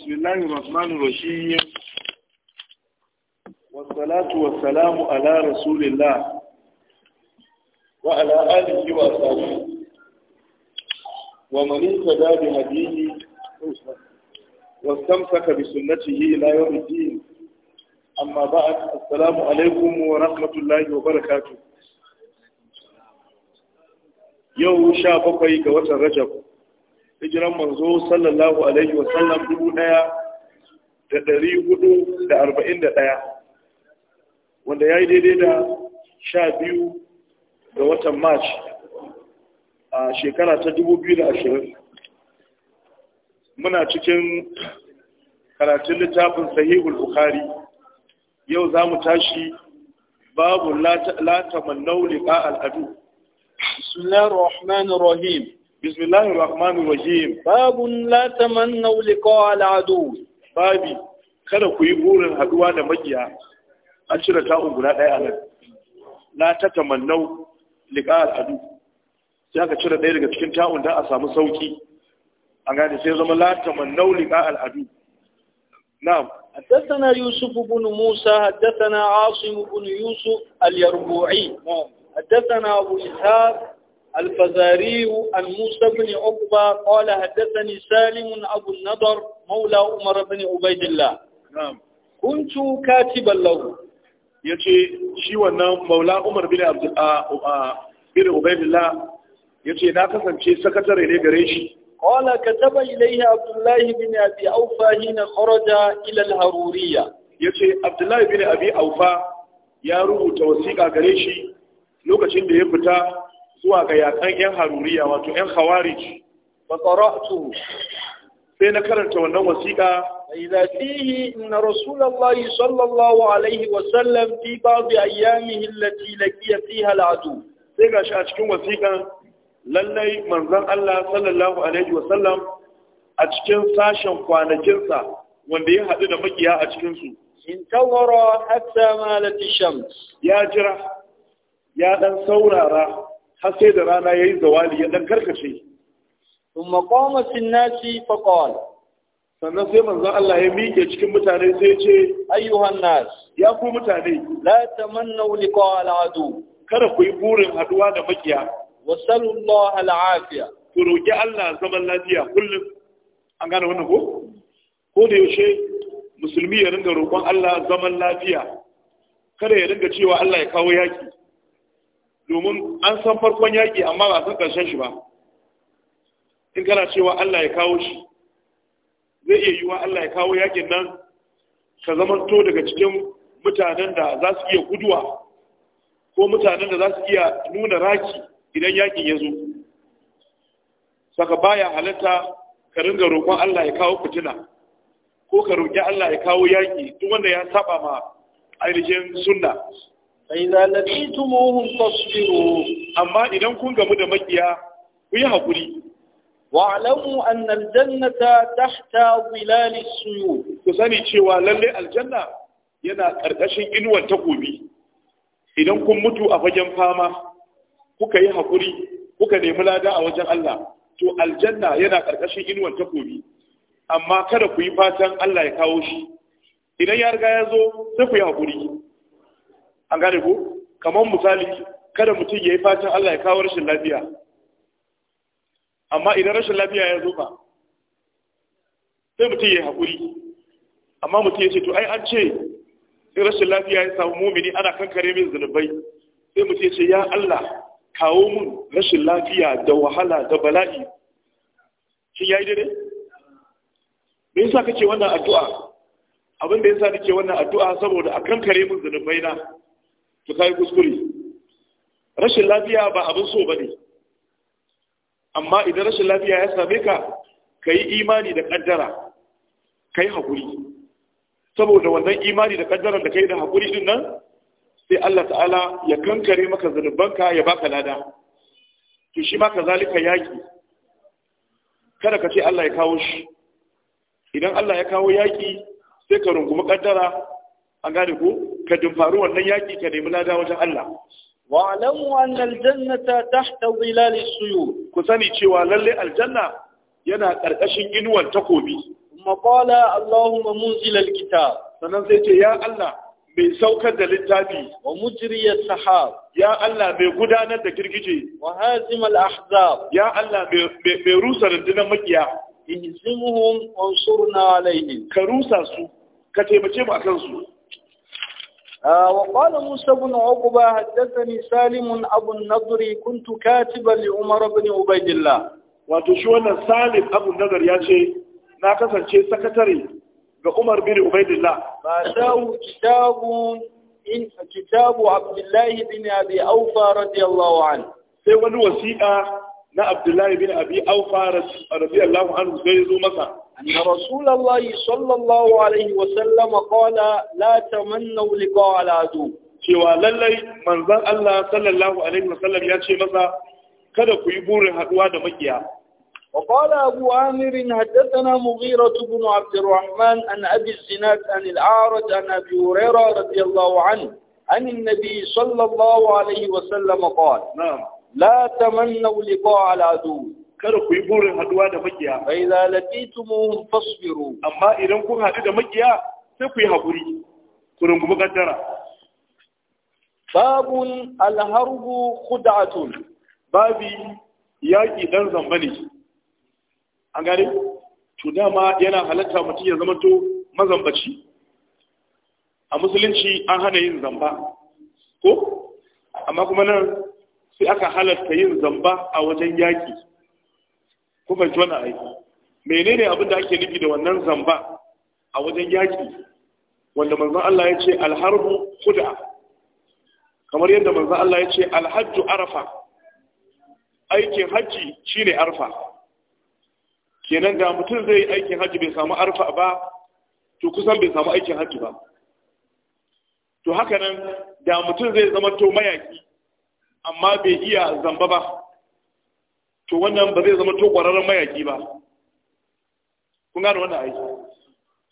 بسم الله الرحمن الرحيم والصلاة والسلام على رسول الله وعلى آله وأصحابه ومن اهتدى بهديه واستمسك بسنته إلى يوم الدين أما بعد السلام عليكم ورحمة الله وبركاته يوم شابك وترجب hijiran manzo sallallahu alaihi wa sallam dubu daya da dari hudu da arba'in da daya wanda ya yi daidai da sha biyu ga watan march a shekara ta dubu biyu da ashirin muna cikin karatun littafin sahihul bukhari yau za mu tashi babu lata tamannau liqa al'adu. بسم الله الرحمن الرحيم بسم الله الرحمن الرحيم باب لا تمنوا لقاء العدو babi kada ku yi burin haduwa da makiya an cire ta guda ɗaya a nan la ta tamannau liƙa al'adu sai aka cire ɗaya daga cikin ta'un don a samu sauki an gane sai zama la tamannau liƙa al'adu na'am حدثنا يوسف بن موسى حدثنا Yusuf بن يوسف اليربوعي حدثنا abu ishaq الفزاري عن موسى بن عقبة قال حدثني سالم أبو النضر مولى عمر بن عبيد الله نعم كنت كاتبا له yace shi wannan maula umar bin abdul bin ubaydillah yace na kasance sakatare ne gare shi qala kataba ilayhi abdullah bin abi aufa hina kharaja ila al-haruriyya yace abdullah bin abi aufa ya rubuta wasiƙa gare shi lokacin da ya fita zuwa ga yakan yan haruriya wato yan khawarij fa sai na karanta wannan wasiƙa idza fihi inna Rasulallah sallallahu alaihi wa sallam fi ba'd ayyamihi allati laqiya fiha al'adu sai gashi a cikin wasiƙan lallai manzon Allah sallallahu alaihi wa sallam a cikin sashen kwanakinsa wanda ya haɗu da makiya a cikin su intawara hatta malati shams ya jira ya dan saurara har sai da rana yi zawali ya dan karkace thumma qama fin nasi fa qala sannan sai manzon Allah ya miƙe cikin mutane sai ya ce ayyuhan nas ya ku mutane la tamannu liqa al-adu kada ku yi burin haduwa da makiya wasallu Allah al-afiya ku roki Allah zaman lafiya kullum an gane wannan ko ko da yaushe musulmi ya ringa roƙon Allah zaman lafiya kada ya ringa cewa Allah ya kawo yaki domin an san farkon yaƙi amma ba san ƙarshen shi ba in kana cewa Allah ya kawo shi zai iya yiwuwa Allah ya kawo yaƙin nan ka zamanto daga cikin mutanen da za su iya guduwa ko mutanen da za su iya nuna raki idan yaƙin ya zo saka baya halatta ka ringa roƙon Allah ya kawo fitina ko ka roƙi Allah ya kawo yaƙi duk wanda ya saba ma ainihin sunna فإذا لقيتموهم تصبروا أما idan kun gamu da makiya ku yi hakuri wa alamu an aljannata tahta zilal asyuyub ku sani cewa lallai aljanna yana karkashin inuwar takobi idan kun mutu a fagen fama kuka yi hakuri kuka nemi lada a wajen Allah to aljanna yana karkashin inuwar takobi amma kada ku yi fatan Allah ya kawo shi idan ya riga ya zo sai ku yi hakuri an gane ku kamar misali kada mutum ya yi fatan Allah ya kawo rashin lafiya amma idan rashin lafiya ya zo ba sai mutum ya yi haƙuri amma mutum ya ce to ai an ce in rashin lafiya ya samu mumini ana kankare min zunubai sai mutum ya ce ya Allah kawo mun rashin lafiya da wahala da bala'i shi ya yi dare me yasa kake wannan addu'a abin da yasa nake wannan addu'a saboda a kankare min zunubai na ki kai kuskure rashin lafiya ba abin so bane amma idan rashin lafiya ya same ka ka yi imani da kaddara ka yi saboda wannan imani da kaddara da ka yi da hakuri din nan sai Allah ta'ala ya kankare maka zunubanka ya baka lada to shi ma kazalika yaƙi kada ka ce Allah ya kawo shi idan Allah ya kawo yaki sai ka rungumi kaddara an gane ko ka dumfari wannan yaki ka nemi lada wajen Allah wa alamu aljanna ta tahta dhilal as ku sani cewa lalle aljanna yana ƙarƙashin inuwan takobi Maƙwala qala allahumma munzil alkitab sanan sai ce ya Allah mai saukar da littafi wa mujriyar sahab ya Allah mai gudanar da girgije wa hazimal al-ahzab ya Allah mai rusa rundunar makiya ihzimuhum wansurna alaihim ka rusa su ka taimace mu a kansu. وقال موسى بن عقبة حدثني سالم أبو النضر كنت كاتبا لعمر بن عبيد الله وتشوان سالم أبو النضر يا شيء ناقصا شيء سكتري عمر بن عبيد الله فأتاه كتاب إن كتاب عبد الله بن أبي أوفى رضي الله عنه سيوان وسيئة نا عبد الله بن أبي أوفى رضي الله عنه زي زو مثلا أن رسول الله صلى الله عليه وسلم قال لا تمنوا لقاء العدو cewa للي من Allah sallallahu alaihi wasallam ya ce masa kada ku yi burin haduwa da وقال أبو عامر حدثنا مغيرة بن عبد الرحمن عن أبي الزناد عن الأعرج عن أبي هريرة رضي الله عنه أن النبي صلى الله عليه وسلم قال نعم لا تمنوا لقاء العدو kada ku yi burin haduwa da makiya fa idza laqitumuhum fasbiru amma idan kun haɗu da makiya sai ku yi hakuri ku rungumi kaddara babun alharbu khud'atun babi yaƙi dan zamba ne an gane to dama yana halatta mutum ya zama to mazambaci a musulunci an hana yin zamba ko amma kuma nan sai aka halatta yin zamba a wajen yaƙi kuma ji wani aiki menene abin da ake nufi da wannan zamba a wajen yaƙi wanda manzon Allah ya ce alharbu huda kamar yadda manzon Allah ya ce alhajju arafa aikin haji shine arfa kenan da mutum zai aikin haji bai samu arfa ba to kusan bai samu aikin haji ba to haka nan da mutum zai zama to mayaki amma bai iya zamba ba to wannan ba zai zama to kwararren mayaki ba kun gane wannan aiki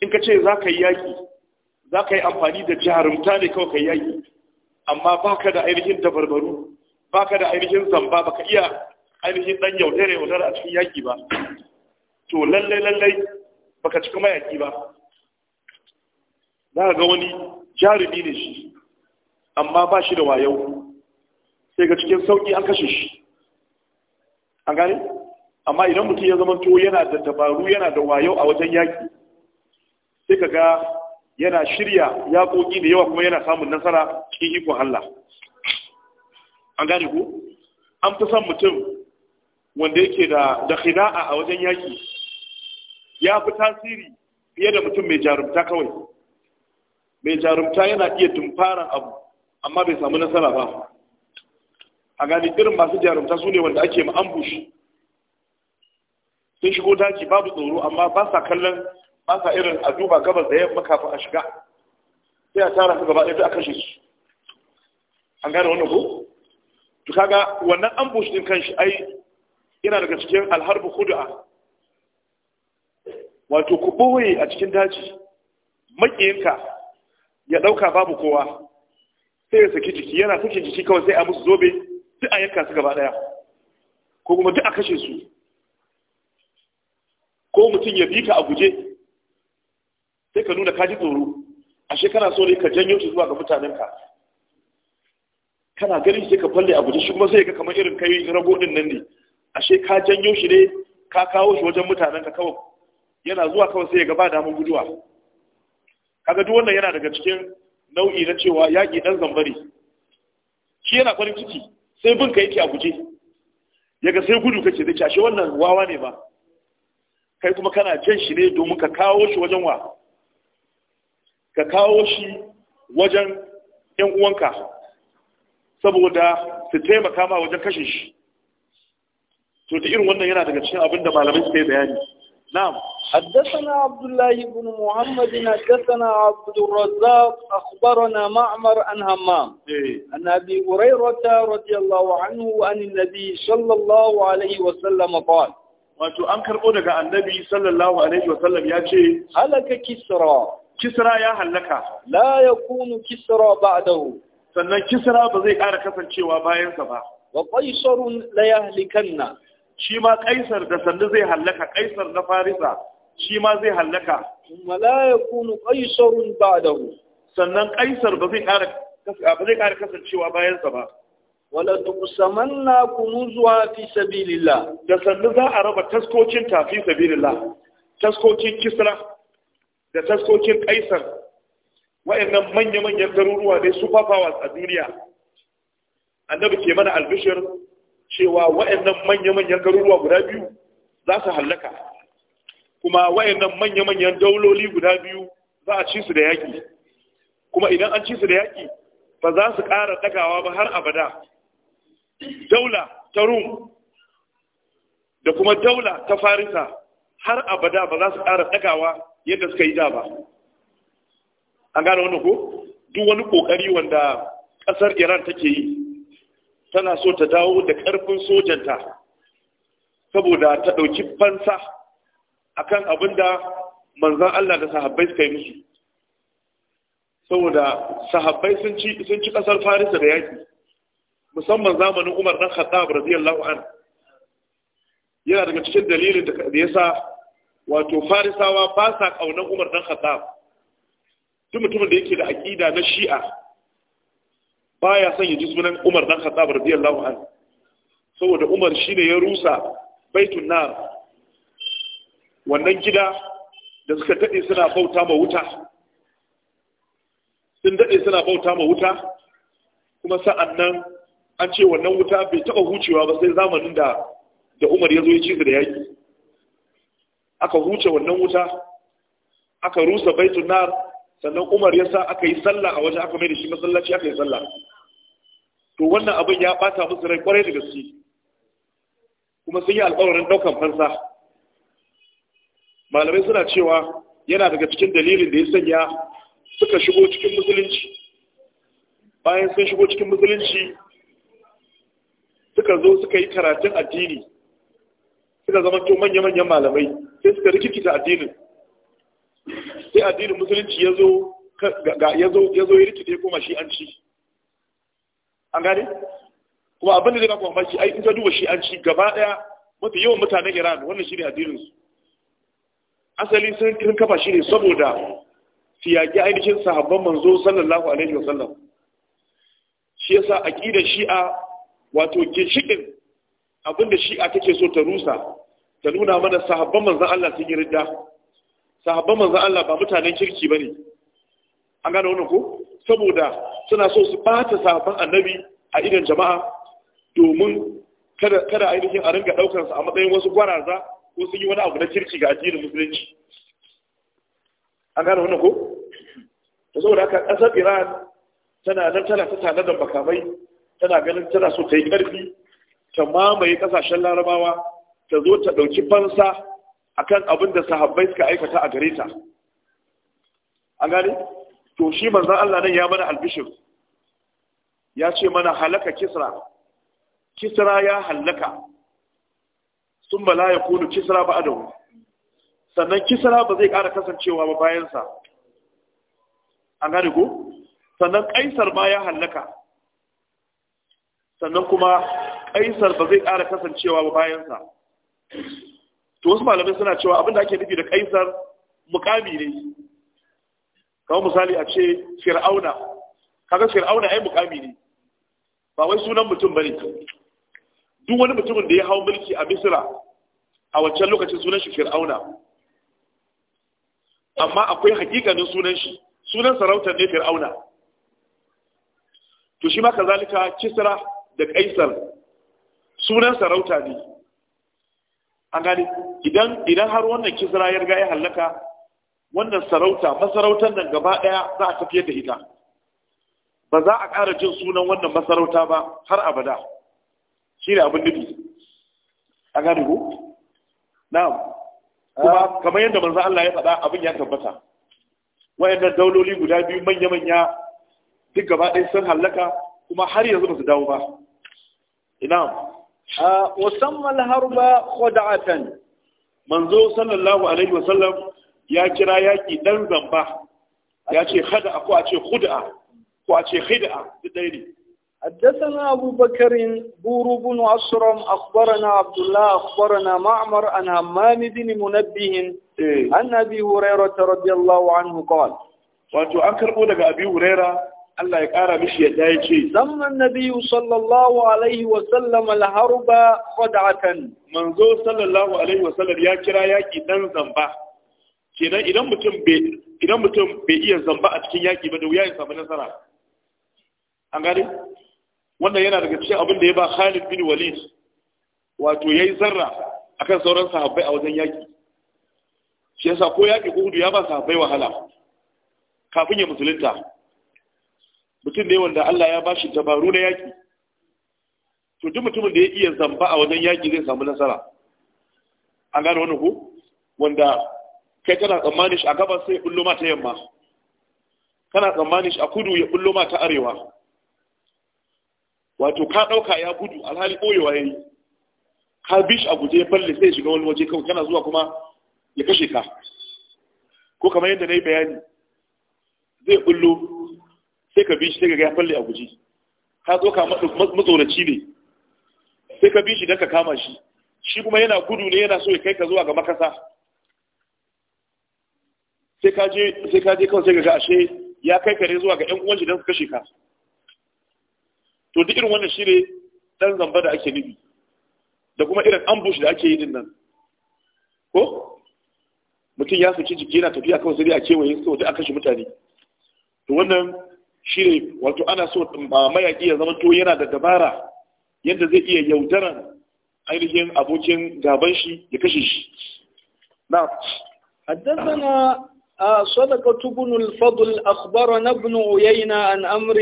in ka ce za ka yi yaƙi za ka yi amfani da jarumta ne kawai ka yi yaki amma ba ka da ainihin dabarbaru ba ka da ainihin zamba ba ka iya ainihin ɗan yaudare yaudare a cikin yaki ba to lallai lallai ba ka cika mayaki ba za ga wani jarumi ne shi amma ba shi da wayo sai ga cikin sauƙi an kashe shi an gani amma idan mutum ya zama to yana da dabaru yana da wayo a wajen yaki sai ka ga yana shirya yaƙoƙi da yawa kuma yana samun nasara cikin ikon Allah an gani ku an fi son mutum wanda yake da da khida'a a wajen yaki ya fi tasiri fiye da mutum mai jarumta kawai mai jarumta yana iya tumfara abu amma bai samu nasara ba a gani irin masu jarumta su ne wanda ake ma'ambushi sun shigo daji babu tsoro amma ba sa kallon ba sa irin a duba gabas da yamma kafin a shiga sai a tara su gaba ɗaya a kashe su an gane wannan ko to kaga wannan ambush din kanshi ai yana daga cikin alharbu khud'a wato ku boye a cikin daji makiyinka ya dauka babu kowa sai ya saki jiki yana saki jiki kawai sai a musu zobe duk a yanka su gaba daya ko kuma duk a kashe su ko mutum ya bi ka a guje sai ka nuna kaji tsoro ashe shekara so ne ka janyo shi zuwa ga mutanenka kana ganin sai ka falle a guje shi kuma sai ka kamar irin kai rago din nan ne ashe ka janyo shi ne ka kawo shi wajen mutanenka kawai yana zuwa kawai sai ya gaba damun guduwa kaga duk wannan yana daga cikin nau'i na cewa yaƙi ɗan zambari shi yana farin ciki sai bin ka yake a guje yaga sai gudu kake da kyashe wannan wawa ne ba kai kuma kana jan shi ne domin ka kawo shi wajen wa ka kawo shi wajen yan uwanka saboda su taimaka ma wajen kashe shi to da irin wannan yana daga cikin abin da malamai suka bayani نعم حدثنا عبد الله بن محمد حدثنا عبد الرزاق أخبرنا معمر عن همام إيه؟ عن أبي هريرة رضي الله عنه عن النبي صلى الله عليه وسلم قال wato an karɓo daga annabi sallallahu alaihi wasallam ya ce halaka kisra kisra ya halaka la yakunu kisra ba'dahu sannan kisra ba zai ƙara kasancewa bayansa ba wa qaisarun la yahlikanna shi ma kaisar da sandu zai hallaka kaisar na farisa shi ma zai hallaka kaisarun ba da mu sannan kaisar ba zai kara ba zai kasancewa bayansa ba wala kunu zuwa fi sabilillah da sannu za a raba taskocin ta fi sabilillah taskokin kisra da taskokin kaisar wayannan manya manyan garuruwa ne super powers a duniya annabi ke mana albishir cewa wa'annan manya-manyan garuruwa guda biyu za su hallaka kuma wa'annan manya-manyan dauloli guda biyu za a ci su da yaƙi kuma idan an ci su da yaƙi ba za su ƙara ɗagawa ba har abada daula ta rum da kuma daula ta farisa har abada ba za su ƙara ɗagawa yadda suka yi da ba an gane wani ko duk wani ƙoƙari wanda ƙasar iran take yi tana so ta dawo da ƙarfin sojanta saboda ta ɗauki fansa a kan abin da manzan Allah da sahabbai suka yi musu saboda sahabbai sun ci ƙasar farisa da yaƙi musamman zamanin umar ɗan khattab radiyallahu an yana daga cikin dalilin da ya sa wato farisawa ba sa ƙaunar umar ɗan khattab duk mutumin da yake da aƙida na shi'a baya son ya ji sunan Umar dan Khattab radiyallahu anhu saboda Umar shine ya rusa baitun nar wannan gida da suka dade suna bauta ma wuta sun dade suna bauta ma wuta kuma sa'annan an ce wannan wuta bai taba hucewa ba sai zamanin da da Umar ya zo ya ci da yaki aka huce wannan wuta aka rusa baitun nar sannan Umar ya sa aka yi sallah a waje aka mai da shi masallaci aka yi sallah to wannan abin ya bata musu rai kwarai da gaske kuma sun yi alƙawarin ɗaukan fansa malamai suna cewa yana daga cikin dalilin da ya sanya suka shigo cikin musulunci bayan sun shigo cikin musulunci suka zo suka yi karatun addini suka zama to manya-manyan malamai sai suka rikikita addinin sai addinin musulunci ya zo ya zo ya rikide kuma shi an ci an gane kuma abin da zai baku mamaki ai in ka duba shi an ci gaba daya mafi yawan mutanen iran wannan ne addinin su asali sun kafa shi ne saboda su ainihin sahabban manzo sallallahu alaihi wa sallam shi yasa aqidar shi'a wato abin abinda shi'a take so ta rusa ta nuna mana sahabban manzon Allah sun yi ridda sahabban manzon Allah ba mutanen kirki bane an gane wannan ko saboda suna so su bata sabon annabi a idan jama'a domin kada kada ainihin a ringa daukar su a matsayin wasu gwaraza ko sun yi wani abu na kirki ga addinin musulunci an gane wannan ko to saboda haka kasar Iran tana nan tana ta tana da makamai tana ganin tana so ta yi karfi ta mamaye ƙasashen larabawa ta zo ta ɗauki fansa akan abin da sahabbai suka aikata a gare ta an gane to shi manzon Allah nan ya mana albishir ya ce mana halaka kisra kisra ya halaka sun bala ya kudu kisra ba adawu sannan kisra ba zai ƙara kasancewa ba bayansa an gane ko sannan kaisar ma ya halaka sannan kuma kaisar ba zai ƙara kasancewa ba bayansa to wasu malamai suna cewa abin da ake nufi da kaisar mukami ne kawo misali a ce fir'auna kaga fir'auna ai mukami ne ba wai sunan mutum bane duk wani mutumin da ya hau mulki a misira a wancan lokacin sunan shi fir'auna amma akwai hakikanin sunan shi sunan sarautar ne fir'auna to shi ma kazalika kisra da kaisar sunan sarauta ne an gane idan har wannan kisra ya riga ya halaka wannan sarauta masarautar nan gaba ɗaya za a tafiye da ita ba za a ƙara jin sunan wannan masarauta ba har abada shi ne abin nufi a gani ku na'am kuma ah. kamar yadda manzo Allah ya faɗa abin ya tabbata wayannan dauloli guda biyu manya-manya duk gaba ɗaya sun hallaka kuma har yanzu ba su dawo ba ina ah, wasamman harba khuda'atan manzo sallallahu alaihi wasallam ya kira yaƙi ɗan zamba ya ce hada'a ko a ce huda'a ko a ce hida'a duk ɗaya ne حدثنا أبو بكر بور بن أسرم أخبرنا عبد الله أخبرنا معمر عن همام بن منبه عن أبي هريرة رضي الله عنه قال wato an karɓo daga abi huraira Allah ya ƙara mishi yadda ya ce zamman nabiyu sallallahu alaihi wa sallam al-harba khad'atan manzo sallallahu alaihi wa sallam ya kira yaki ɗan zamba kenan idan mutum bai idan mutum bai iya zamba a cikin yaki ba da wuya ya samu nasara an gane wannan yana daga cikin abin da ya ba Khalid bin Walid wato yayi zarra akan sauran sahabbai a wajen yaki shi yasa ko yaki ko hudu ya ba sahabbai wahala kafin ya musulunta mutum ne wanda Allah ya bashi dabaru na yaki to duk mutumin da ya iya zamba a wajen yaki zai samu nasara an gane wannan ko wanda kai kana tsammanin shi a gabas sai bullo ma ta yamma kana tsammanin shi a kudu ya bullo ma ta arewa wato ka ɗauka ya gudu alhali ɓoyewa ya yi ka bi shi a guje ya falle sai shiga wani waje kawai kana zuwa kuma ya kashe ka ko kamar yadda na yi bayani zai bullo sai ka bi shi sai ka ya falle a guje ka zo ka matsoraci ne sai ka bi shi don ka kama shi shi kuma yana gudu ne yana so ya kai ka zuwa ga makasa sai ka je sai ka kawai sai ga ashe ya kai kare zuwa ga 'yan uwan don su kashe ka to duk irin wannan shine dan zamba da ake nufi da kuma irin ambush da ake yi din nan ko mutum ya saki jiki yana tafiya kawai sai a kewaye saboda a kashe mutane to wannan shine wato ana so ah, mayaki ya zama to yana da dabara yadda zai iya yaudaran ainihin abokin gaban shi ya kashe shi na حدثنا آه، صدق بن الفضل أخبرنا ابن عيينة عن أمر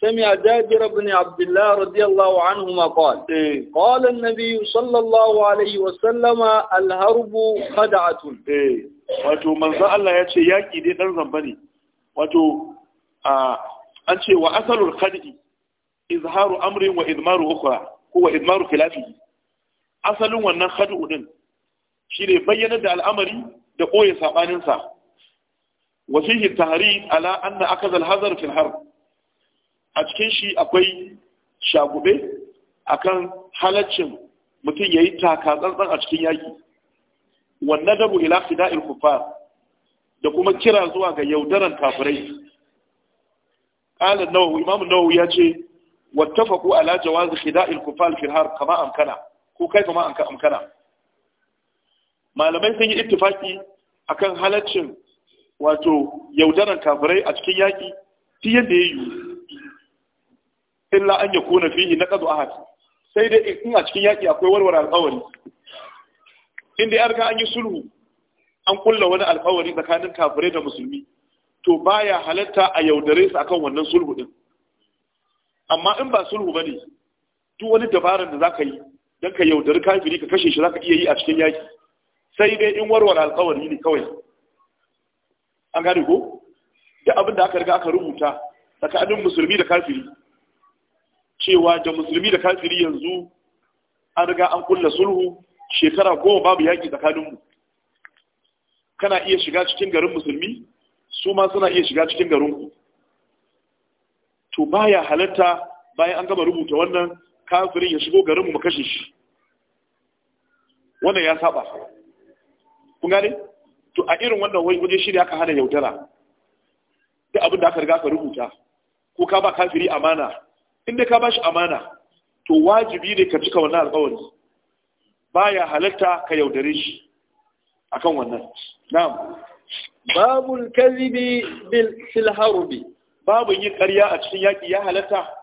سمع جابر بن عبد الله رضي الله عنهما قال إيه. قال النبي صلى الله عليه وسلم الهرب خدعة إيه. واتو من زعل الله يتشي ياكي دي تنزم بني واتو آه، أنشي وأثر الخدع إظهار أمر وإذمار أخرى هو إذمار خلافه أثر ونخدع دن شيري بيّنت الأمر دقوي سابانين ساخ wa fihi tahrid ala anna akaz a cikin shi akwai shagube akan halaccin mutum yayi taka tsantsan a cikin yaki wannan dabu ila fida'il kuffar da kuma kira zuwa ga yaudaran kafirai قال النووي إمام النووي يجي واتفقوا على جواز خداع الكفار في الحرب كما أمكنا ko kai kuma amkana malamai sun yi ittifaki akan halaccin wato yaudaran kafirai a cikin yaƙi fi yadda ya yi illa an ya kona fihi na ƙazo ahad sai dai in a cikin yaƙi akwai warware alƙawari inda ya riga an yi sulhu an kulla wani alƙawari tsakanin kafirai da musulmi to baya halatta a yaudare su akan wannan sulhu din amma in ba sulhu ba ne, duk wani dabarar da zaka yi dan ka yaudari kafiri ka kashe shi za ka iya yi a cikin yaƙi sai dai in warware alƙawari ne kawai an gane ko da abin da aka riga aka rubuta tsakanin musulmi da kafiri cewa da musulmi da kafiri yanzu an riga an kulla sulhu shekara goma babu yaƙi tsakaninmu kana iya shiga cikin garin musulmi su ma suna iya shiga cikin garinku to baya halatta bayan an gama rubuta wannan kafirin ya shigo garinmu mu kashe shi wannan ya saba kun gane to a irin wannan waje shirya ka hana yaudara da abin da aka riga ka rubuta ko ka ba kafiri amana inda ka ba shi amana to wajibi ne ka cika wannan alƙawari baya halatta ka yaudare shi akan wannan na'am babul kadhibi bil silharbi babu yin ƙarya a cikin yaki ya halatta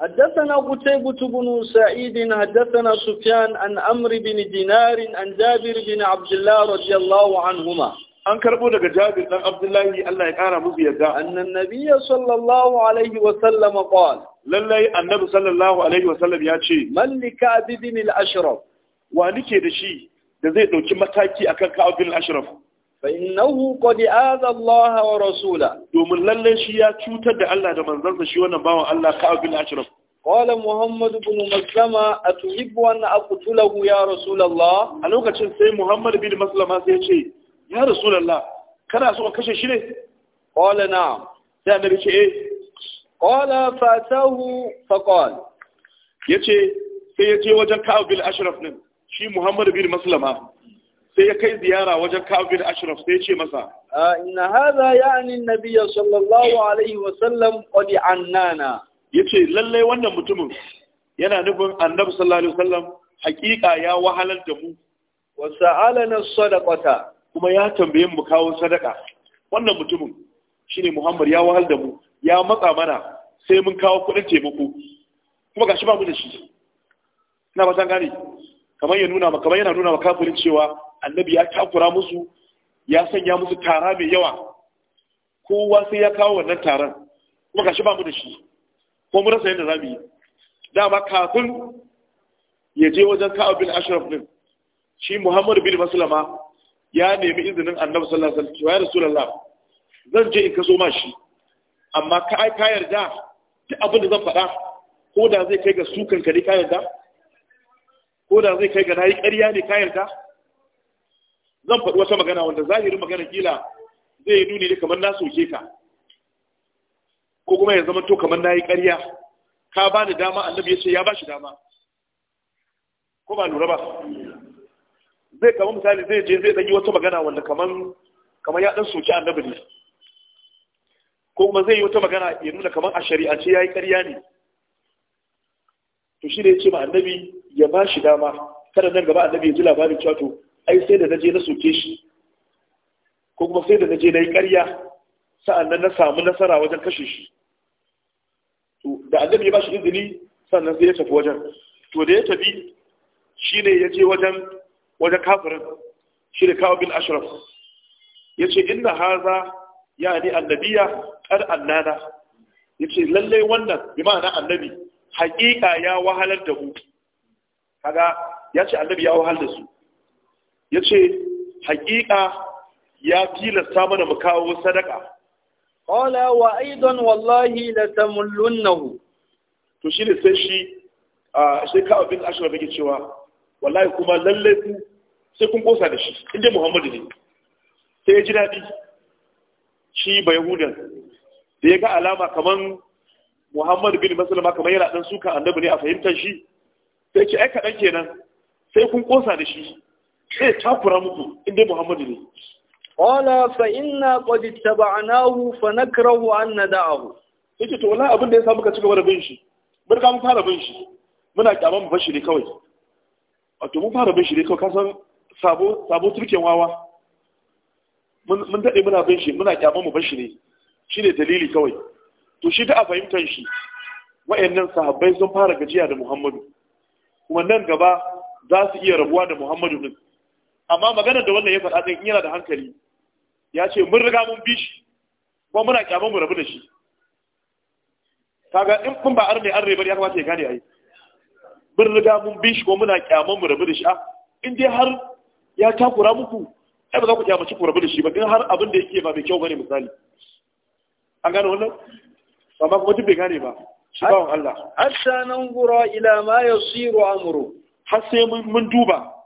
حدثنا قتيبة بن سعيد حدثنا سفيان عن عمرو بن دينار عن جابر بن عبد الله رضي الله عنهما an karbo daga Jabir dan Abdullahi Allah ya kara musu yadda annan nabiyya sallallahu alaihi wa sallam qala lallai annabi sallallahu alaihi wa sallam ya ce man li ka'b ibn al-ashraf wa nike da shi da zai dauki mataki akan ka'b ibn al-ashraf فإنه قد آذى الله ورسوله domin lalle shi ya cutar da Allah da manzansa shi wannan bawan Allah Ka'ab bin Ashraf qala Muhammad ibn Maslama atuhibbu an aqtulahu ya rasulullah a lokacin sai Muhammad bin Maslama sai ya ce ya rasulullah kana so ka kashe shi ne qala na'am sai annabi ce eh qala fatahu faqal yace sai ya je wajen Ka'ab bin Ashraf din shi Muhammad bin Maslama sai ya kai ziyara wajen kafin Ashraf sai ya ce masa ah, inna hadha ya'ni an-nabiy sallallahu alaihi wa sallam qad annana yace lalle wannan mutumin yana nufin annabi sallallahu alaihi wa sallam hakika ya wahalar da mu wa sa'alana sadaqata kuma ya tambaye mu kawo sadaka wannan mutumin shine Muhammad ya wahal da mu ya matsa mana sai mun kawo kudin taimako kuma gashi ba mu da shi ina ba san gane kamar ya nuna ma kamar yana nuna ma kafirin cewa annabi ya takura musu ya sanya musu tara mai yawa kowa sai ya kawo wannan taron kuma shi ba mu da shi ko mu rasa yadda za mu yi dama kafin ya je wajen ka'ab bin ashraf din shi muhammad bin maslama ya nemi izinin annabi sallallahu alaihi wasallam ya rasulullah zan je in kaso ma shi amma ka ai ka yarda duk abin da zan faɗa ko da zai kai ga sukan ka ne ka yarda ko da zai kai ga nayi ƙarya ne ka yarda zan faɗi wata magana wanda zahirin magana kila zai yi nuni ne kamar na soke ka ko kuma ya zama to kamar na yi ƙarya ka ba ni dama annabi ya ce ya ba shi dama ko ba lura ba zai kama misali zai je zai ɗanyi wata magana wanda kamar kamar ya ɗan soke annabi ne ko kuma zai yi wata magana ya nuna kamar a shari'ance ya yi ƙarya ne to shi ne ya ce ma annabi ya ba shi dama kada nan gaba annabi ya ji labarin cewa to ai sai da na je na soke shi ko kuma sai da na je na yi ƙarya sa'annan na samu nasara wajen kashe shi to da annabi ya ba shi izini sannan sai ya tafi wajen to da ya tafi ne ya je wajen wajen kafirin shi ne kawo bin ashraf ya ce inna haza ya ne annabiya kar annana ya ce lallai wannan bi ma'ana annabi haƙiƙa ya wahalar da mu kaga ya ce annabi ya wahalar da su ya ce haƙiƙa ya tilasta mana mu kawo sadaka ƙola wa aidon wallahi da la nahu to shi ne sai shi a shi ka abin ashirar yake cewa wallahi kuma lalle ku sai kun kosa da shi inda muhammadu ne sai ya ji daɗi shi ba yahudan da ya ga alama kamar Muhammadu bin maslama kamar yana ɗan suka annabi ne a fahimtar shi sai ki aika ɗan kenan sai kun kosa da shi sai takura muku inda Muhammadu ne qala fa inna qad ittaba'nahu fa nakrahu an nada'ahu yake to wala abin da ya sa muka gaba da bin shi bar ka mu fara bin shi muna kyaman mu bashi ne kawai wato mun fara bin shi ne kawai kasan sabo sabo turken wawa mun daɗe muna bin shi muna kyaman mu bashi ne shi ne dalili kawai to shi da a fahimtar shi wa'annan sahabbai sun fara gajiya da Muhammadu kuma nan gaba za su iya rabuwa da Muhammadu din amma maganar da wannan ya faɗa ɗin yana da hankali ya ce mun riga mun bi shi ko muna kyamun mu rabu da shi kaga in kun ba arne arne bari ya kamata ya gane ai mun riga mun bi shi ko muna kyamun mu rabu da shi a in dai har ya takura muku ai ba za ku ƙyamaci ku rabu da shi ba in har abin da yake ba mai kyau bane misali an gane wannan amma kuma duk bai gane ba shi Allah hatta nan gura ila ma yasiru amru har sai mun duba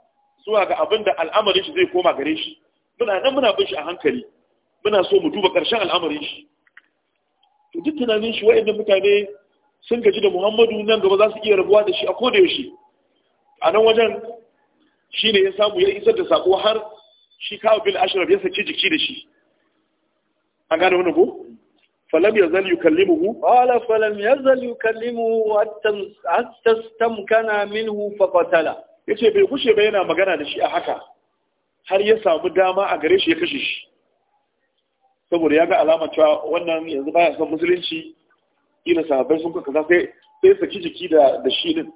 zuwa ga abin da al'amarin shi zai koma gare shi muna nan muna bin shi a hankali muna so mu duba ƙarshen al'amarin shi to duk tunanin shi wa'annan mutane sun gaji da Muhammadu nan gaba za su iya rabuwa da shi a koda yaushe a nan wajen shi ne ya samu ya isar da sako har shi kawo bil ashraf ya saki jiki da shi an gane wani ko falam yazal yukallimuhu qala falam yazal yukallimuhu hatta astamkana minhu faqatala ya ce bai kushe ba yana magana da shi a haka har ya samu dama a gare shi ya kashe shi saboda ya ga alamar cewa wannan yanzu baya son musulunci Ina sahabbai sun kasa sai sai saki jiki da da shi din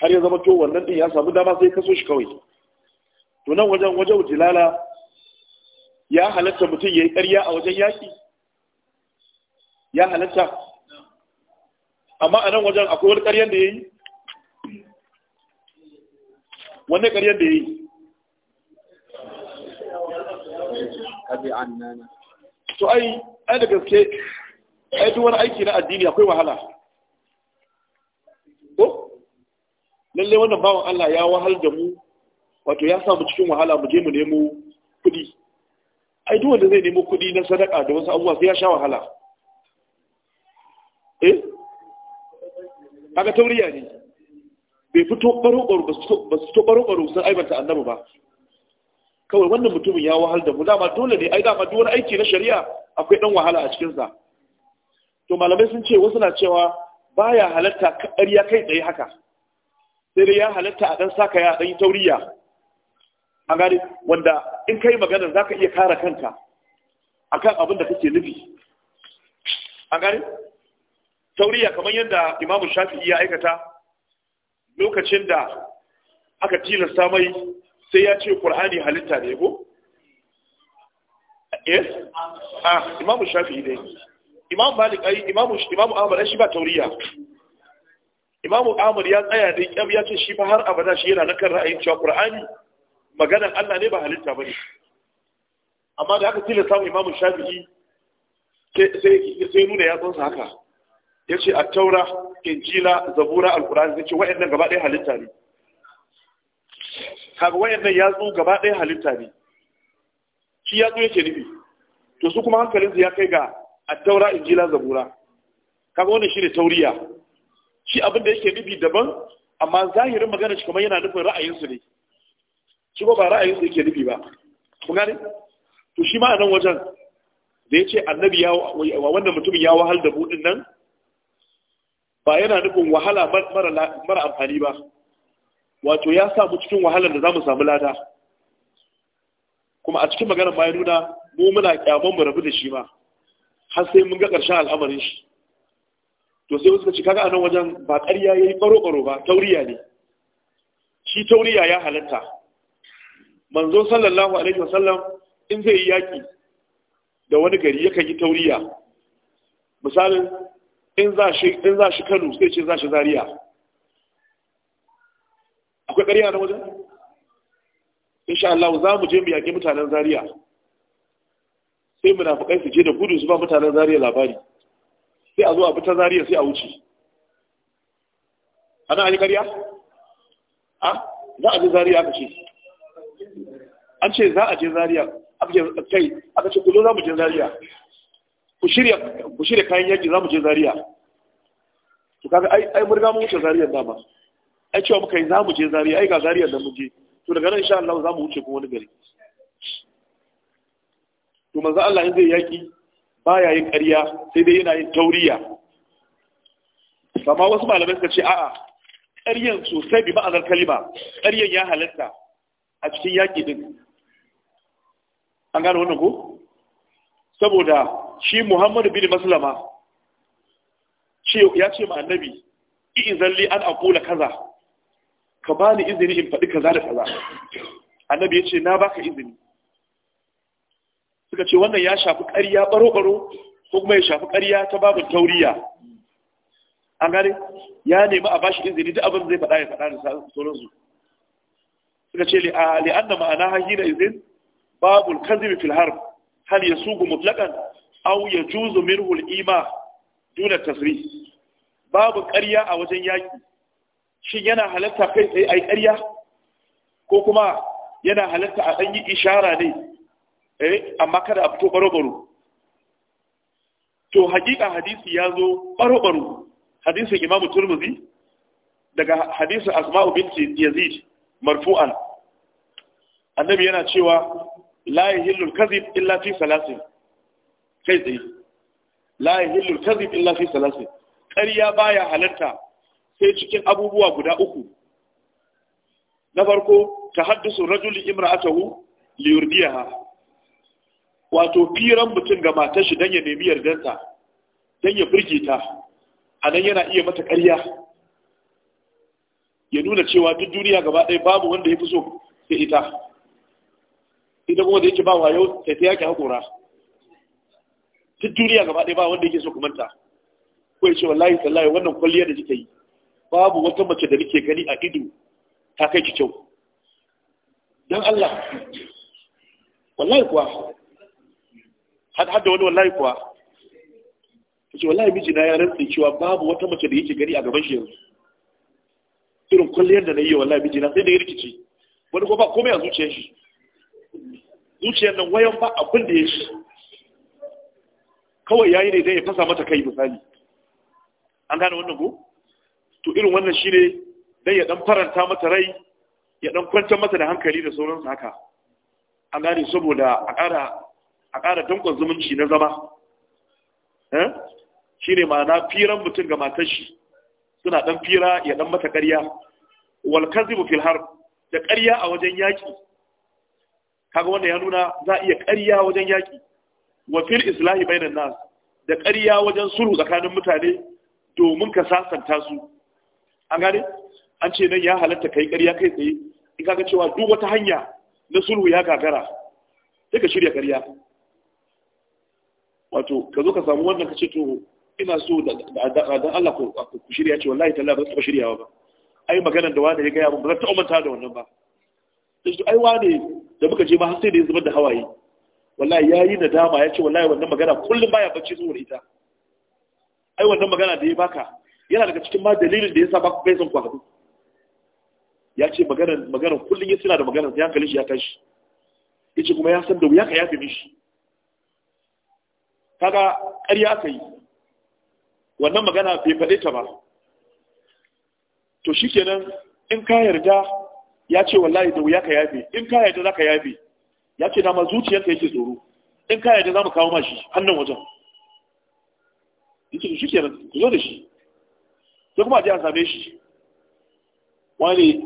har ya zama to wannan din ya samu dama sai kaso shi kawai to nan wajen wajen jilala ya halatta mutum yayi ƙarya a wajen yaki ya halatta amma a nan wajen akwai wani ƙaryan da yayi wanne ƙaryar da ya yi to ai ai da gaske ai duk wani aiki na addini akwai wahala ko lalle wannan bawan Allah ya wahal da mu wato ya samu cikin wahala mu je mu nemo kuɗi ai duk wanda zai nemo kuɗi na sadaka da wasu abubuwa sai ya sha wahala eh kaga tauriya ne bai fito ƙwaro-ƙwaro ba su fito baro-baro sun aibanta annabi ba kawai wannan mutumin ya wahal da mu dama dole ne ai dama duk aiki na shari'a akwai ɗan wahala a cikinsa to malamai sun ce wasu na cewa baya halatta ƙarya kai tsaye haka sai dai ya halatta a dan saka ya dan tauriya a gari wanda in kai magana zaka iya kare kanka akan abin da kake nufi a gari tauriya kamar yadda imamu shafi'i ya aikata lokacin da aka tilasta mai sai ya ce qur'ani halitta ne ko yes eh? ah imamu shafi dai imamu malik ai imamu imamu ahmad shi ba tauriya imamu ahmad ya tsaya dai kyam ya ce shi fa har abada shi yana nakan ra'ayin cewa qur'ani maganar Allah ne ba halitta ba ne. amma da aka tilasta mu imamu shafi sai sai nuna yatsunsa haka ya ce a taura injila zabura alkur'ani zai ce wa'annan gaba ɗaya halitta ne kaga wa'annan yatsu gaba ɗaya halitta ne shi yatsu yake nufi to su kuma su ya kai ga a taura injila zabura kaga wannan shi ne tauriya shi abin da yake nufi daban amma zahirin magana shi kamar yana nufin ra'ayinsu ne shi ba ra'ayinsu yake nufi ba kun gane to shi ma a nan wajen da ya ce annabi ya wa wannan mutumin ya wahal da buɗin nan ba yana nufin wahala mara amfani ba wato ya samu cikin wahalar da za mu samu lada kuma a cikin maganar ma ya nuna mu muna kyamun mu rabu da shi ba. har sai mun ga ƙarshen al'amarin shi to sai wasu ci kaga a nan wajen ba ƙarya ya yi ƙaro ƙaro ba tauriya ne shi tauriya ya halatta manzo sallallahu alaihi wasallam in zai yi yaƙi da wani gari yakan yi tauriya misalin in za shi kano sai ce za shi zariya akwai ƙarya na wajen? insha Allah za mu je mu yaƙi mutanen zariya sai munafukai su je da gudu su ba mutanen zariya labari sai a zo a fita zariya sai a wuce ana an yi ƙarya? a za a je zariya aka ce an ce za a je zariya aka ce kai aka ce kullum za mu je zariya ku shirya kayan yaki za mu je Zariya. to kaga ai ai mun riga wuce Zariya dama ai cewa muka yi za mu je Zariya, ai ga Zariya da mun je to daga nan insha Allah za mu wuce ko wani gari to manzo Allah in zai yaki baya yin ƙarya sai dai yana yin tauriya amma wasu malamai suka ce a'a ƙaryan sosai bi ma'anar kalima ƙaryan ya halatta a cikin yaƙi din an gano wannan ko saboda shi Muhammad bin Maslama ya ce ma annabi izalli an aqula kaza ka bani izini in faɗi kaza da kaza annabi ya ce na baka izini suka ce wannan ya shafi ƙarya baro-baro ko kuma ya shafi ƙarya ta babin tauriya an gane ya nemi a bashi izini duk abin zai faɗa ya faɗa da su suka ce li'anna ma'ana hajji da izin babul kazibi fil harb hal yasugu mutlaqan aw yajuzu minhu al-ima duna tasrih babu ƙarya a wajen yaki shin yana halatta kai tsaye ai ƙarya ko kuma yana halatta a ɗan yi ishara ne eh amma kada a fito baro to haƙiƙa hadisi ya zo baro-baro hadisin imamu turmuzi daga hadisin asma'u binti yazid marfu'an annabi yana cewa la yahillu al-kadhib illa fi salasin kai ƙarya baya halarta sai cikin abubuwa guda uku na farko tahaddusu rajuli imra'atahu li yurdiyaha wato firan mutum ga matar dan ya nemi yardanta dan ya burge ta anan yana iya mata ƙarya ya nuna cewa duk duniya gaba ɗaya babu wanda ya fi so sai ita ita kuma da yake ba wayo sai ta yake haƙura ta duniya gaba ɗaya ba wanda yake so kumanta ko ya ce wallahi tallahi wannan kwalliyar da kika yi babu wata mace da nake gani a ido ta kai ki kyau don Allah wallahi kuwa har da wani wallahi kuwa ta ce wallahi mijina ya rantsa cewa babu wata mace da yake gani a gaban shi yanzu irin kwalliyar da na yi wallahi mijina sai da ya rikici wani ko ba komai a zuciyar shi zuciyar nan wayan ba abin da ya shi kawai yayi ne dai ya fasa mata kai misali an gane wannan ko to irin wannan shine dai ya dan faranta mata rai ya dan kwantar mata da hankali da sauransu haka an gane saboda a ƙara zumunci na zama eh? shi ne ma'ana firan mutum ga matar shi suna ɗan fira ya ɗan mata ƙarya wal kazibu fil da ƙarya a wajen yaƙi kaga wanda ya nuna za a iya ƙarya wajen yaƙi wa fil islahi bainan nas da ƙarya wajen sulhu tsakanin mutane domin ka sasanta su an gane an ce nan ya halatta kai ƙarya kai tsaye in kaga cewa duk wata hanya na sulhu ya gagara sai ka shirya ƙarya wato ka zo ka samu wannan ka ce to ina so da Allah ku shirya ce wallahi tallahi ba taɓa shiryawa ba ai maganar da wanda ya gaya ba ba ta umanta da wannan ba sai ai wane da muka je ma har sai da ya zubar da hawaye wallahi ya yi nadama ya ce wallahi wannan magana kullum baya bacci zuwa ita ai wannan magana da ya baka yana daga cikin ma dalilin da ya sa ba ku gaisan ku ya ce magana kullum ya suna da magana sai hankalin shi ya tashi ya ce kuma ya san da wuya ka yafe mishi kaga ƙarya aka yi wannan magana bai faɗe ta ba to shikenan in ka yarda ya ce wallahi da wuya ka yafe in ka yarda za ka yafe ya ce dama zuciyarka yake tsoro in ka yarda za mu kawo mashi hannun wajen yake shi kenan ku zo da shi sai kuma je a same shi wani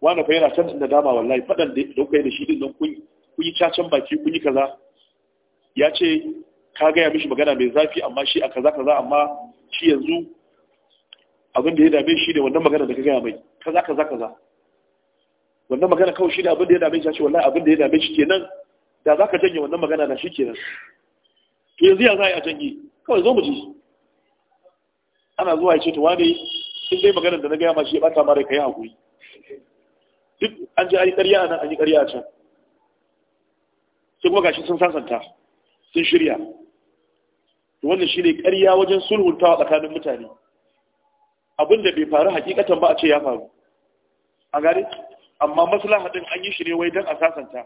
wani fa yana can da dama wallahi fadan da kuka yi da shi din nan kun yi cacan baki kun yi kaza ya ce ka gaya mishi magana mai zafi amma shi a kaza kaza amma shi yanzu abin da ya dame shi ne wannan magana da ka gaya mai kaza kaza kaza wannan magana kawai shi abin da ya dame shi ce wallahi abin da ya dame shi kenan da za ka janye wannan magana da shi kenan to yanzu ya za a janye kawai zo mu ji ana zuwa ya ce to wane in dai maganar da na gaya ma shi ya bata mara yi haƙuri duk an ji an yi ƙarya a nan an yi ƙarya a can sai kuma gashi sun sasanta sun shirya to wannan shi ne ƙarya wajen sulhuntawa tsakanin mutane abin da bai faru hakikatan ba a ce ya faru a gare? amma maslaha din an yi shi ne wai dan a sasanta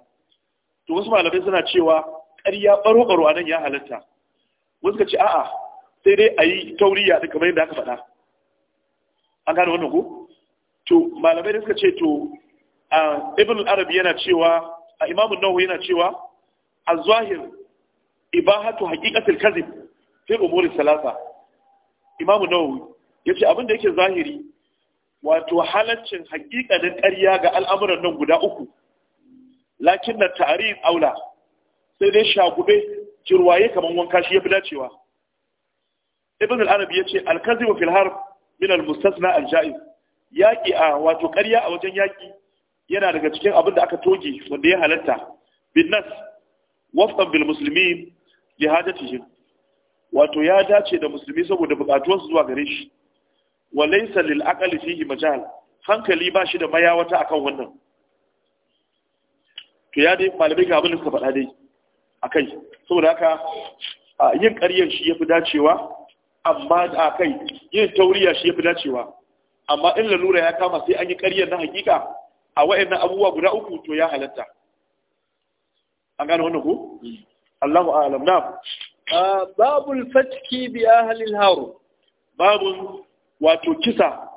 to wasu malamai suna cewa ƙarya baro baro anan ya halatta wasu ka ce a'a sai dai a yi tauriya da kamar yadda aka faɗa an gane wannan ko to malamai da suka ce to a ibn arabi yana cewa a imam nawawi yana cewa az-zahir ibahatu haqiqatil kadhib fi umuri salasa imam nawawi yace abin da yake zahiri wato halaccin hakikanin ƙarya ga al'amuran nan guda uku lakin na tarihin aula sai dai shagube jirwaye kamar wanka shi ya fi dacewa ibn al-arabi ya ce alkazibu fil harb min al-mustasna al-ja'iz yaki a wato ƙarya a wajen yaki yana daga cikin abin da aka toge wanda ya halatta bin nas wafqan bil muslimin li hajatihim wato ya dace da musulmi saboda buƙatuwarsu zuwa gare shi wa laysa lil aqli fihi majal hankali ba shi da mayawata akan wannan to ya dai malamai ga abin da suka faɗa dai akai saboda haka yin ƙaryar shi yafi dacewa amma a kai yin tauriya shi yafi dacewa amma in lalura ya kama sai an yi ƙaryar na hakika a wa'annan abubuwa guda uku to ya halatta an gane wannan ku Allahu a'lam na babul fatki bi ahli al-haru babun wato kisa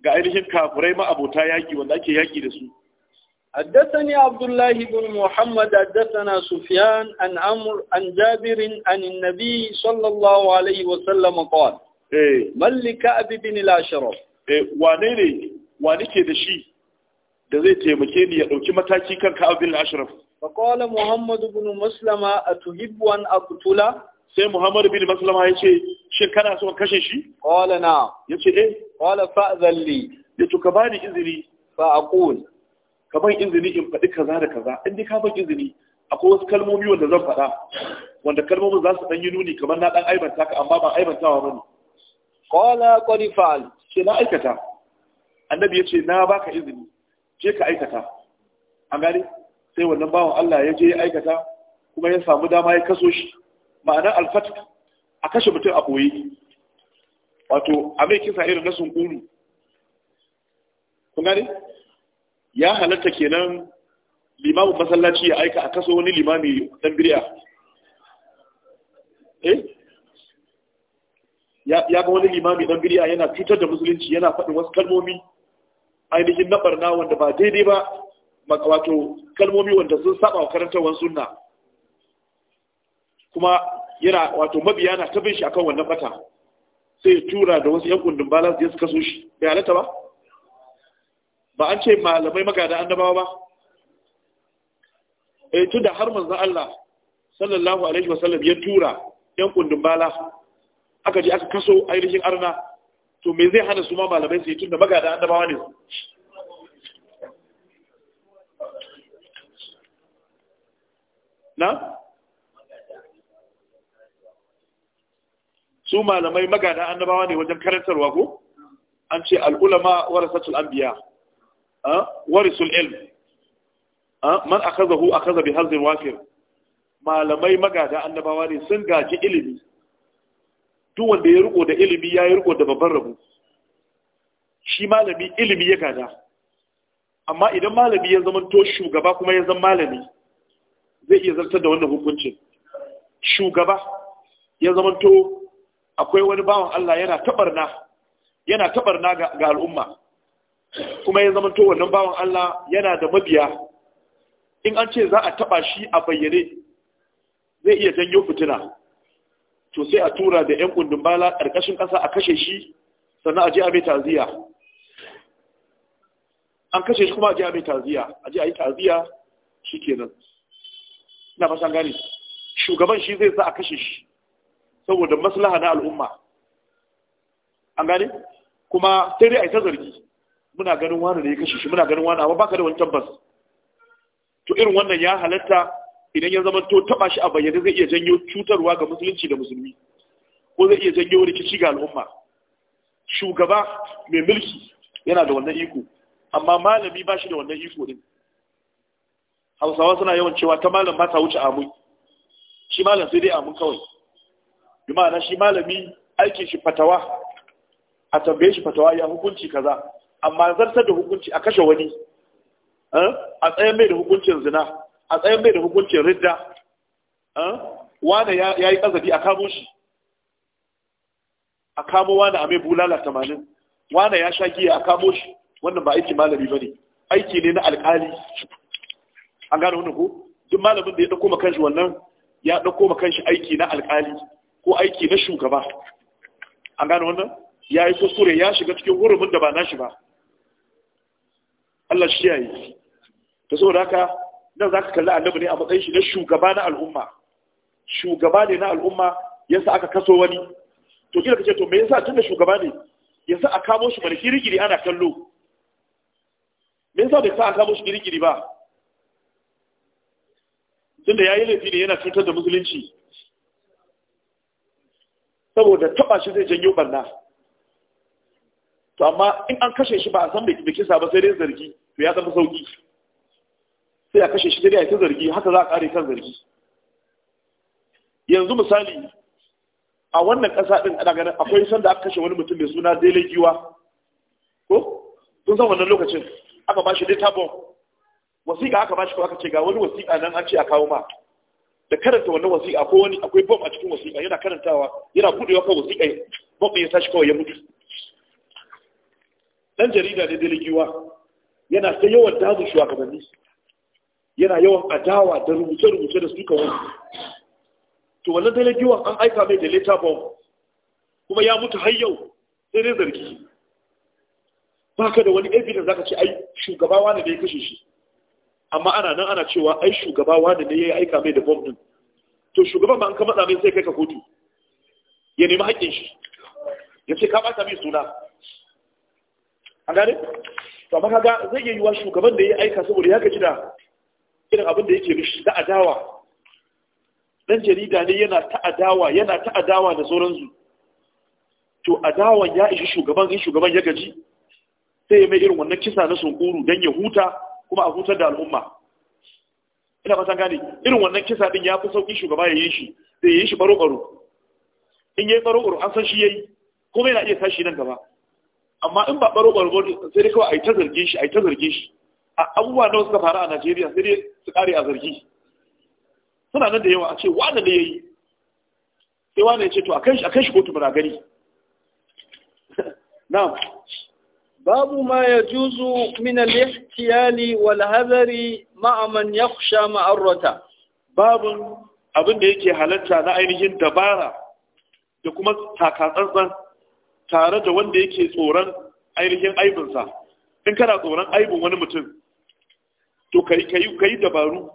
ga ainihin kafirai ma'abota yaƙi wanda ake yaƙi da su حدثني عبد الله بن محمد حدثنا سفيان عن عمرو عن جابر عن النبي صلى الله عليه وسلم قال من لكعب بن الاشرف wane ne ke da shi da zai taimake ni ya ɗauki mataki kan ka'ab bin ashraf faqala muhammad ibn maslama atuhibbu an sai muhammad bin ya ce shin kana so kashe shi qala na yace eh qala fa'zan li yace ka bani izini fa aqul ka ban izini in faɗi kaza da kaza in dai ka ban izini akwai wasu kalmomi wanda zan faɗa wanda kalmomin za su ɗan yi nuni kamar na ɗan aibanta ka amma ba aibantawa ba ne qala qad fa'al ce na aikata annabi yace na baka izini je ka aikata an gane sai wannan bawan Allah ya je ya aikata kuma ya samu dama ya kaso shi ma'ana alfatka a kashe mutum a ɓoye wato a mai kisa irin na sunkuru kun gane ya halatta kenan limamin masallaci ya aika a kaso wani limami dan birya eh ya ga wani limami dan birya yana cutar da musulunci yana faɗin wasu kalmomi ainihin na barna wanda ba daidai ba wato kalmomi wanda sun saba wa karantarwar sunna kuma yana wato mabiya na ta bin shi akan wannan bata sai ya tura da wasu yan kundin bala su kaso shi bai halatta ba ba an ce malamai magada annabawa ba eh tunda har manzon Allah sallallahu alaihi wasallam ya tura yan kundin bala aka je aka kaso ainihin arna to me zai hana su ma malamai su yi da magada annabawa ne na su malamai magada annabawa ne wajen karantarwa ko an ce al'ulama warasatul anbiya warisul ilm man akazahu akaza bi hazin wafir malamai magada annabawa ne sun gaji ilimi duk wanda ya riko da ilimi ya yi riko da babban rabu shi malami ilimi ya gada amma idan malami ya zama to shugaba kuma ya zama malami zai iya zartar da wannan hukuncin shugaba ya zama to akwai wani bawan Allah yana tabarna yana tabarna ga al'umma kuma ya zama to wannan bawan Allah yana da mabiya in an ce za a taba shi a bayyane zai iya janyo fitina to sai a tura da 'yan kundin bala ƙarƙashin ƙasa a kashe shi sannan a je a mai taziya an kashe shi kuma a je a mai taziya a je a yi taziya shi kenan na fasan gane shugaban shi zai sa a kashe shi saboda maslaha na al'umma an gane kuma sai dai a yi ta zargi muna ganin wani da ya kashe shi muna ganin wani amma baka da wani tabbas to irin wannan ya halatta idan ya zama to taba shi a bayyane zai iya janyo cutarwa ga musulunci da musulmi ko zai iya janyo rikici ga al'umma shugaba mai mulki yana da wannan iko amma malami ba shi da wannan iko din hausawa suna yawan cewa ta malam ba ta wuce amu shi malam sai dai amu kawai bi shi malami aikin shi fatawa a tambaye shi fatawa ya hukunci kaza amma zartar da hukunci a kashe wani eh? a tsayan mai da hukuncin zina a tsayan mai da hukuncin ridda eh? wane ya yi kazafi a kamo shi a kamo wane a mai bulala tamanin wane ya sha giya a kamo shi wannan ba aiki malami ba ne aiki ne na alkali an gane wani ko duk malamin da ya ɗauko makanshi wannan ya ɗauko makanshi aiki na alkali ko aiki na shugaba A gano wannan ya yi kuskure ya shiga cikin hurumin da ba na shi ba Allah shi ya yi ta saboda haka nan za ka kalli annabi ne a matsayin shi na shugaba na al'umma shugaba ne na al'umma yasa aka kaso wani to kira kace to me yasa tunda shugaba ne yasa a kamo shi bane kirigiri ana kallo me yasa bai sa a kamo shi girgiri ba tunda yayi laifi ne yana cutar da musulunci saboda taba shi zai janyo barna to amma in an kashe shi ba a san bai kisa ba sai dai zargi to ya zama sauki sai a kashe shi sai dai ta zargi haka za a kare kan zargi yanzu misali a wannan kasa ɗin ana ganin akwai sanda aka kashe wani mutum mai suna dele giwa ko kun san wannan lokacin aka ba shi dai bomb wasiƙa aka ba shi ko aka ce ga wani wasiƙa nan an ce a kawo ma da karanta wannan wasiƙa ko wani akwai bom a cikin wasiƙa yana karantawa yana buɗewa kan wasiƙa bom ɗin ya tashi kawai ya mutu dan jarida da giwa yana ta yawan damu shugabanni yana yawan adawa da rubuce-rubuce da suka wani to wannan daligiwan an aika mai da leta bom kuma ya mutu har yau sai dai zargi ba ka da wani evidence zaka ce ai shugaba wani da ya kashe shi amma ana nan ana cewa ai shugaba wanda ne ya aika mai da bomb din to shugaban ba an ka matsa mai sai kai ka kotu ya nemi haƙƙin shi ya ce ka ɓata mai suna A gane to amma kaga zai iya yiwa shugaban da ya aika saboda ya gaji da irin abin da yake mishi da adawa dan jarida ne yana ta adawa yana ta adawa da su to adawan ya ishi shugaban in shugaban ya gaji sai ya mai irin wannan kisa na sunkuru dan ya huta kuma a hutar da al'umma ina fatan gane irin wannan kisa din ya fi sauƙi shugaba ya yi shi da ya yi shi baro baro in ya yi baro baro an san shi ya yi kuma yana iya tashi nan gaba amma in ba baro baro sai dai kawai a yi ta zargin shi a yi ta zargin shi a abubuwa nawa suka faru a najeriya sai dai su kare a zargi suna nan da yawa a ce wane da ya yi sai wane ya ce to a kai shi kotu muna gani na'am باب ما يجوز من الاحتيال والهذر مع من يخشى معرته باب abin da yake halatta na ainihin dabara da kuma takatsantsan tare da wanda yake tsoron ainihin aibinsa in kana tsoron aibin wani mutum to ka yi dabaru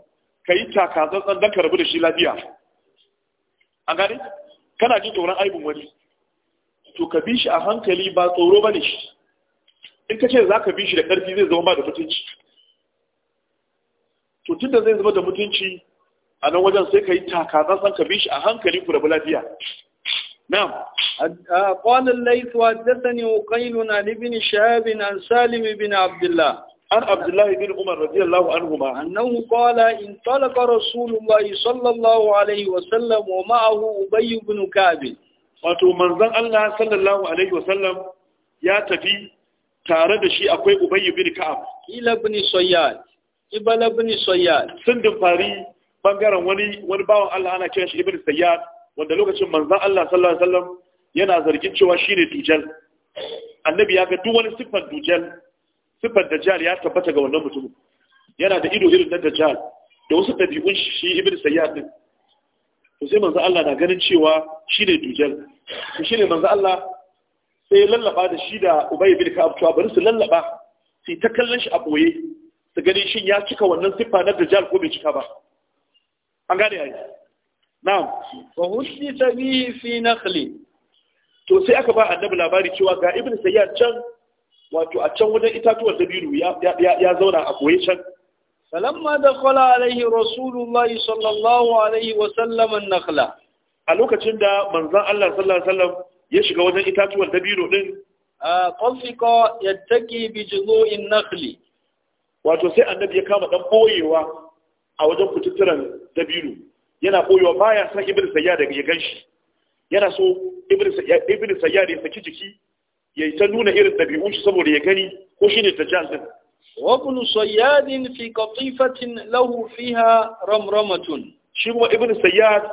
ka yi takatsantsan don ka rabu da shi lafiya an gane kana jin tsoron aibin wani to ka bi shi a hankali ba tsoro ba ne shi in ka ce za ka bi shi da ƙarfi zai zama ba da mutunci to tun da zai zama da mutunci a nan wajen sai ka yi takatsantsan ka bi shi a hankali ku rabu lafiya na'am قال الليث حدثني وقيل bin ابن شهاب عن سالم بن عبد الله عن عبد الله بن عمر رضي الله عنهما أنه قال انطلق رسول الله صلى wa عليه وسلم ومعه أبي بن كعب wato manzon Allah sallallahu alaihi sallam, ya tafi tare da shi akwai Ubay ibn ka'ab ila ibn sayyad ibala ibn sayyad sun fari bangaren wani wani bawan Allah ana kiran shi ibn sayyad wanda lokacin manzon Allah sallallahu alaihi wasallam yana zargin cewa shine dujal annabi ya ga duk wani sifar dujal sifar dajjal ya tabbata ga wannan mutum. yana da ido irin na dajjal da wasu ɗabi'un shi ibn sayyad din to sai manzon Allah na ganin cewa shine dujal to shine manzon Allah sai lallaba da shi da ubay bin ka abtuwa bari su lallaba sai ta kallon shi a boye su gani shin ya cika wannan siffa na dajjal ko bai cika ba an gane yayi na'am wa ta bi fi nakhli to sai aka ba annabi labari cewa ga ibnu sayyad can wato a can wajen itatuwar dabiru ya zauna a boye can فلما دخل alaihi rasulullahi sallallahu alaihi wa sallam an-nakhla a lokacin da manzon Allah sallallahu alaihi wasallam ya shiga wajen itatuwan dabino din ya yattaki bi juzu'in nakhli wato sai annabi ya kama dan boyewa a wajen kututturan dabino yana boyewa baya san ibn sayyad daga ya ganshi yana so ibnu sayyad sayyad ya saki jiki ya ta nuna irin dabi'un shi saboda ya gani ko shine dajjal din وابن صياد في قطيفة له Ramramatun. رمرمة kuma ابن sayyad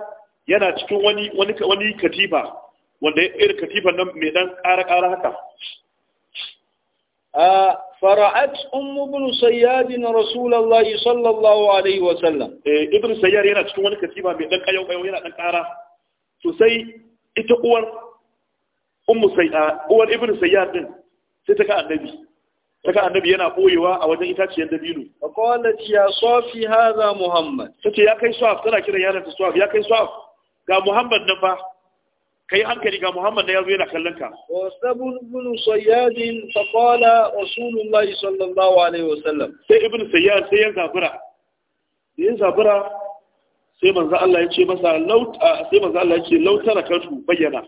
yana cikin wani wani wani katiba wanda ya irin katifan nan mai dan ƙara-ƙara haka A أم بن سياد رسول الله صلى الله عليه وسلم Ibn Sayyar eh, yana cikin wani katifa mai dan kayo kayo yana dan kara to sai ita uwar ummu sayyad uwar ibn Sayyar din sai ta ka annabi ta ka annabi yana ɓoyewa a wajen itaciyar dabino A kowane ya sofi haza muhammad sai ya kai saf tana kiran yaron ta saf ya kai saf ga muhammad nan fa kai hankali ga Muhammad da yazo yana kallon ka wa sabun ibn sayyad fa qala rasulullahi sallallahu alaihi wasallam sai ibn sayyad sai ya zafira ya zafira sai manzo Allah ya ce masa laut sai manzo Allah ya ce lautara kantu bayyana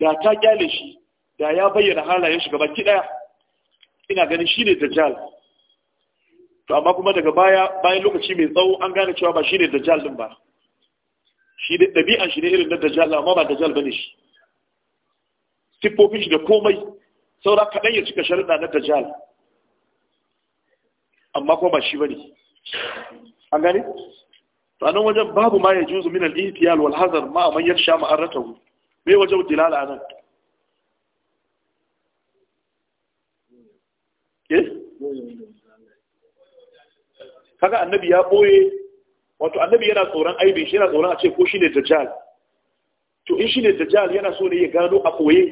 da ta kyale shi da ya bayyana halayen shi gaba ki daya ina ganin shine dajjal to amma kuma daga baya bayan lokaci mai tsawo an gane cewa ba shine dajjal din ba shi da ɗabi'an shi ne irin na dajjal amma ba dajjal bane shi siffofin shi da komai saura kaɗan ya cika sharuɗa na dajjal amma kuma ba shi bane an gane to anan wajen babu ma ya juzu min al-ihtiyal wal hazar ma man yarsha ma'aratahu me wajen dilala anan eh kaga annabi ya boye wato annabi yana tsoron aibin shi yana tsoron a ce ko shi ne dajjal to in shi ne dajjal yana so ne ya gano a koye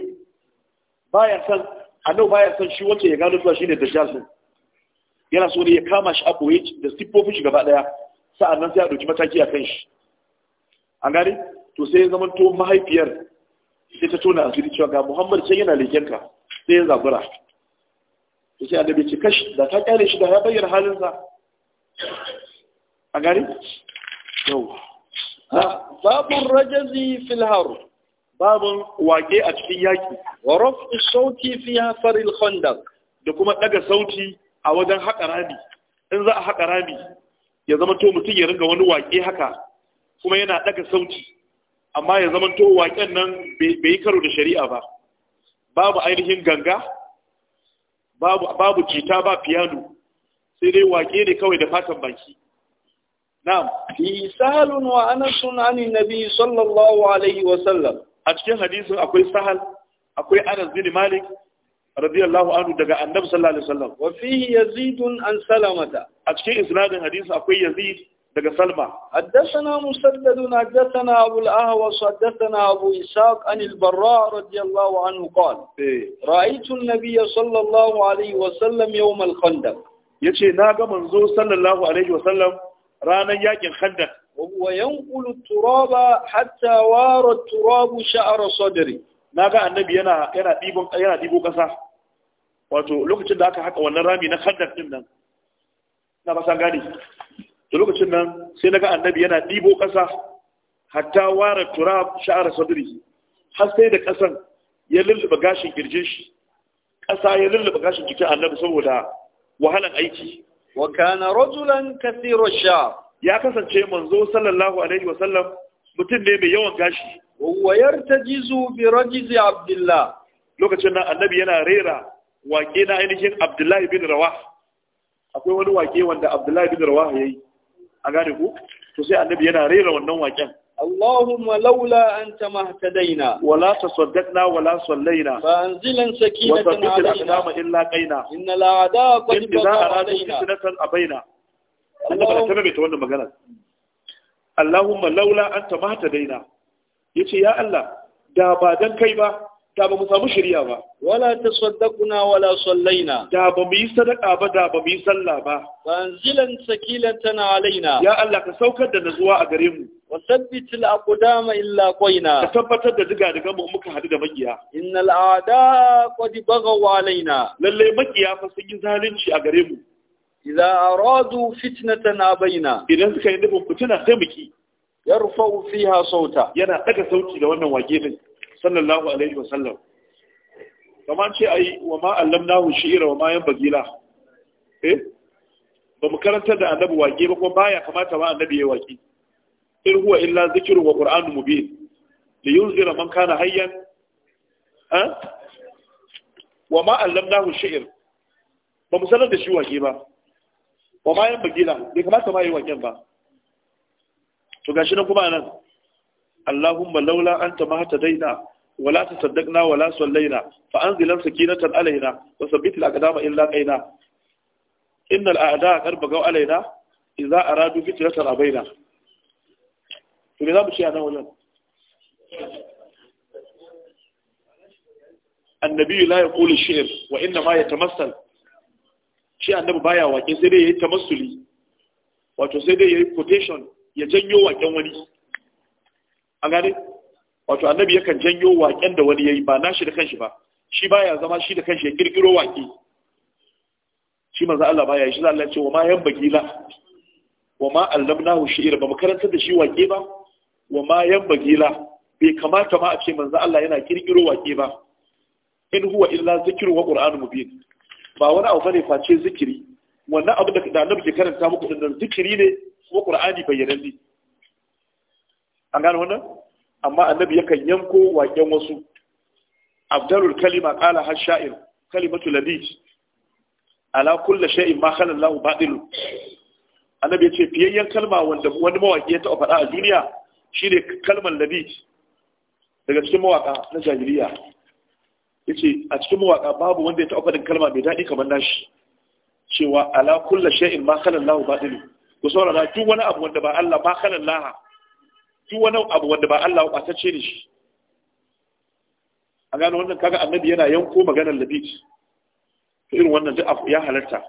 baya san annabi baya san shi wacce ya gano cewa shi ne dajjal ne yana so ne ya kama shi a koye da siffofin shi gaba daya sa'annan sai a ɗauki mataki a kan shi an gane to sai ya zama to mahaifiyar sai ta tona a cewa ga muhammad sai yana lekenka sai ya zabura to sai annabi ce kashi da ta kyale shi da ya bayyana halinsa a gari? Babu babun rajazi filharu babun wage a cikin yaƙi. wa sauti fi hasaril khandaq da kuma daga sauti a wajen haƙa rami in za a haƙa rami ya zama to mutum ya ringa wani wake haka kuma yana daga sauti amma ya zama to waken nan bai karo da shari'a ba babu ainihin ganga babu cita ba piano sai dai wake ne kawai da fatan baki نعم في سهل وأنس عن النبي صلى الله عليه وسلم أتكين حديث أكوي سهل أكوي أنس بن مالك رضي الله عنه دقاء النبي صلى الله عليه وسلم وفيه يزيد عن سلامة أتكين إسناد حديث أكوي يزيد دقاء سلمة حدثنا مسدد حدثنا أبو الأهوص حدثنا أبو إسحاق عن البراء رضي الله عنه قال إيه. رأيت النبي صلى الله عليه وسلم يوم الخندق يتي ناقة منزول صلى الله عليه وسلم ranar yakin khandak wa yanqulu turaba hatta wara turabu sha'ra sadri naga annabi yana yana dibon yana dibo kasa wato lokacin da aka haka wannan rami na khandak din nan na ba san gani to lokacin nan sai naga annabi yana dibo kasa hatta wara turab sha'ra sadri har sai da kasan ya lulluba gashin kirjin shi kasa ya lulluba gashin jikin annabi saboda wahalan aiki wa kana rajulan kathiru shar ya kasance manzo sallallahu alaihi wa sallam mutum ne mai yawan gashi wa yartajizu bi rajizi abdullah lokacin nan annabi yana rera waƙe na ainihin abdullahi bin rawah akwai wani waƙe wanda abdullahi bin rawah yayi a gane ku to sai annabi yana rera wannan waƙen اللهم لولا أنت ما اهتدينا ولا تصدقنا ولا صلينا فأنزلا سكينة وثبت الأقدام إلا قينا إن الأعداء قد إذا أرادوا فتنة أبينا Allah ba ta mai ta wannan magana. Allahumma laula anta ma hata daina. Yace ya Allah da ba dan kai ba da ba mu samu shirya ba wala ta saddaquna wala sallaina da ba mu yi sadaka ba da ba mu yi sallah ba manzilan sakila tana alaina ya Allah ka saukar da nazuwa a gare mu wa sabbit al aqdama illa qaina ka tabbatar da diga diga mu muka hadu da magiya innal aada qad baghaw alaina lalle fa sun yi zalunci a gare mu idza aradu fitnatan abaina idan suka yi dubu fitina taimaki. muki yarfa fiha sauta yana ɗaga sauti da wannan wage sallallahu alaihi wa sallam kamar ce ai wa ma allamnahu shi'ira wa ma bagila. eh ba mu karantar da annabi waƙe ba kuma baya kamata ma annabi ya waƙe in huwa illa zikru wa qur'anun mubin li yunzira man kana hayyan ha eh? wa ma allamnahu shi'ir ba mu sanar da shi waƙe ba wa ma bagila bai kamata ma yi waƙen ba to gashi nan kuma nan Allahumma laula anta ma hatadaina wala tasaddaqna wala sallaina fa anzil sakinatan alaina wa thabbit al-aqdama illa qaina innal a'da qad bagaw alaina idza aradu fitnatan abaina to me za mu ce a nan wajen annabi la yaqulu shi'r wa inna ma yatamassal shi annabi baya wake sai dai yayi tamassuli wato sai dai yayi quotation ya janyo waken wani wato annabi yakan janyo waƙen da wani yayi ba nashi da kanshi ba shi baya zama shi da kanshi ya kirkiro waƙi shi manzo Allah baya yi shi Allah ya ce wa ma yan bagila wa ma allamnahu shi'ra ba makaranta da shi waƙe ba wa ma yan bagila bai kamata ma a ce manzo Allah yana kirkiro waƙe ba in huwa illa zikru wa qur'anu mubin ba wani abu bane face zikiri wannan abu da annabi ke karanta muku din zikiri ne ko qur'ani ne an gane wannan amma annabi yakan yanko waken wasu abdalul kalima ƙala har sha'ir kalimatu labid ala kulli shay'in ma khala Allahu batil annabi yace fiyayyen kalma wanda wani mawaƙi ya taɓa faɗa a duniya shine kalmar labid daga cikin mawaƙa na jahiliya ce a cikin mawaƙa babu wanda ya taɓa faɗin kalma mai daɗi kamar nashi cewa ala kulli shay'in ma khala Allahu batil ku saurara duk wani abu wanda ba Allah ma khala Allah duk wani abu wanda ba Allah ba ce ne shi A gano wannan kaga annabi yana yanko maganar labit to irin wannan duk ya halarta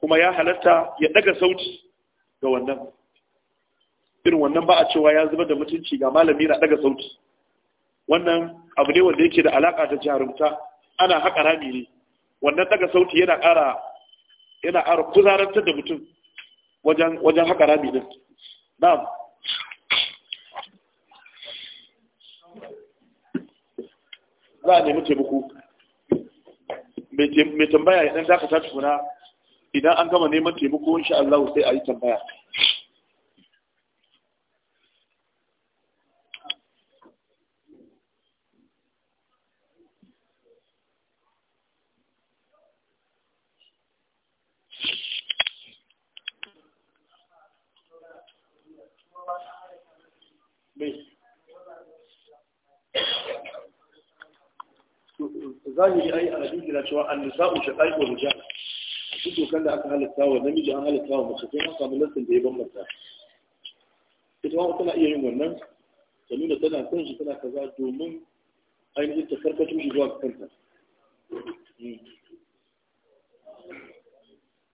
kuma ya halarta ya daga sauti ga wannan irin wannan ba a cewa ya zubar da mutunci ga malami na daga sauti wannan abu ne wanda yake da alaka da jarumta ana haƙa rami ne wannan daga sauti yana ƙara yana ƙara kuzarantar da mutum wajen wajen haƙa rami din na'am za a nemi taimako mai tambaya idan za ka dakata kuna idan an gama neman taimako insha Allah sai a yi tambaya Za yi ai a hadisi na cewa an-nisa'u shaqaiqu A duk dokan da aka halatta wa namiji an halatta wa mace sai an samu lantin da ya bambanta ita ma tana iya yin wannan ta nuna tana son shi tana kaza domin ainihin ta karkatun shi zuwa kanta hmm.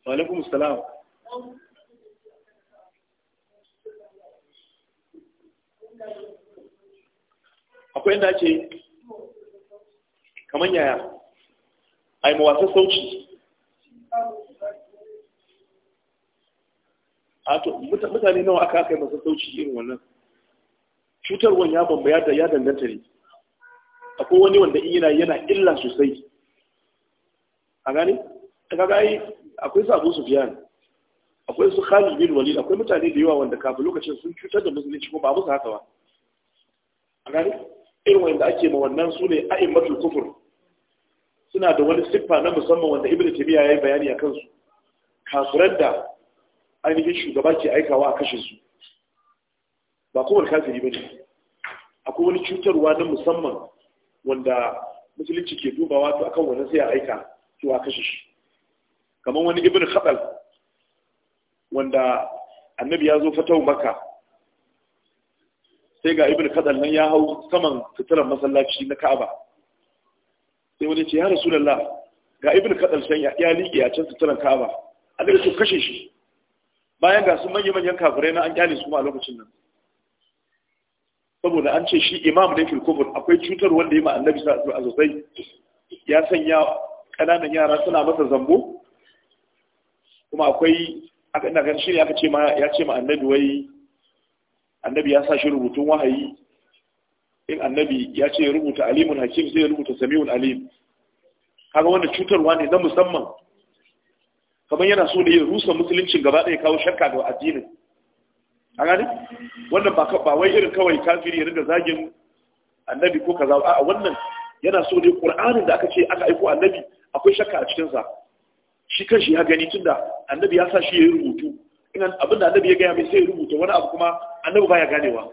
alaikum salam akwai inda ake kamar yaya a yi mawasan sauci a to mutane nawa aka aka yi masu sauci irin wannan cutarwan ya bambaya da ya danganta ne akwai wani wanda yana yana illa sosai a gani ta kaga yi akwai su su fiya akwai su khalid bin walid akwai mutane da yawa wanda kafin lokacin sun cutar da musulunci ko ba musu haka ba a gani irin wanda ake ma wannan su ne a'immatul kufur suna da wani siffa na musamman wanda ibn tabiya ya yi bayani a kansu kafiran da ainihin shugaba ke aikawa a kashe su ba kowane kafiri ba ne akwai wani cutarwa na musamman wanda musulunci ke dubawa to akan wani sai a aika to a kashe shi kamar wani ibn khabal wanda annabi ya zo fatau maka sai ga ibn khabal nan ya hau saman fitilar masallaci na ka'aba sai wani ce ya ga ibin kadal san ya liƙe a can kaba a ɗaya su kashe shi bayan ga su manya-manyan kafirai na an kyale su ma a lokacin nan saboda an ce shi imam da fil kufur akwai cutar wanda ya ma annabi a sosai ya sanya ƙananan yara suna masa zambo kuma akwai ina ganin shi ne aka ce ma ya ce ma annabi wai annabi ya sa shi rubutun wahayi in annabi ya ce ya rubuta alimun hakim sai rubuta sami'un alim kaga wannan cutarwa ne na musamman kamar yana so da ya rusa musuluncin gaba ɗaya kawo shakka ga addinin a gani wannan ba wai irin kawai kafiri ya riga zagin annabi ko kaza a wannan yana so da qur'anin da aka ce aka aiko annabi akwai shakka a cikinsa shi kanshi ya gani tunda annabi ya sa shi ya yi rubutu ina abin da annabi ya gaya mai sai ya rubuta wani abu kuma annabi baya ganewa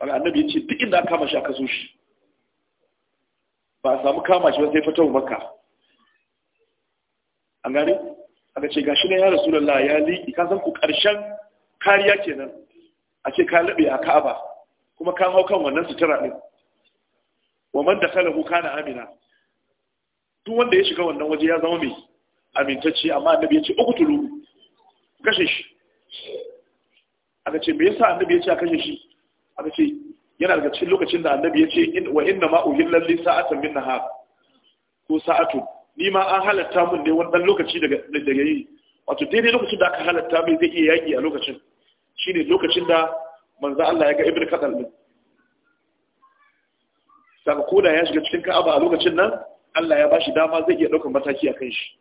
Wani annabi ya ce duk inda aka kama shi aka so shi ba a samu kama shi ba sai fatawa makka an gane aka ce gashi ne ya rasulullah ya liƙi ka san ku ƙarshen kariya kenan a ce ka laɓe a ka'aba kuma ka hau kan wannan sutura ɗin wa man da kuka kana amina duk wanda ya shiga wannan waje ya zama mai amintacce amma annabi ya ce uku tulu kashe shi aka ce me yasa annabi ya ce a kashe shi aka ce yana daga cikin lokacin da annabi ya ce wa inna ma uhilla li sa'atan min nahar ko sa'atu ni ma an halatta mun ne wani dan lokaci daga daga yi wato daidai lokacin da aka halatta mai zai iya yaki a lokacin shine lokacin da manzo Allah ya ga ibnu kadal din saka koda ya shiga cikin ka'aba a lokacin nan Allah ya bashi dama zai iya daukar mataki a kan shi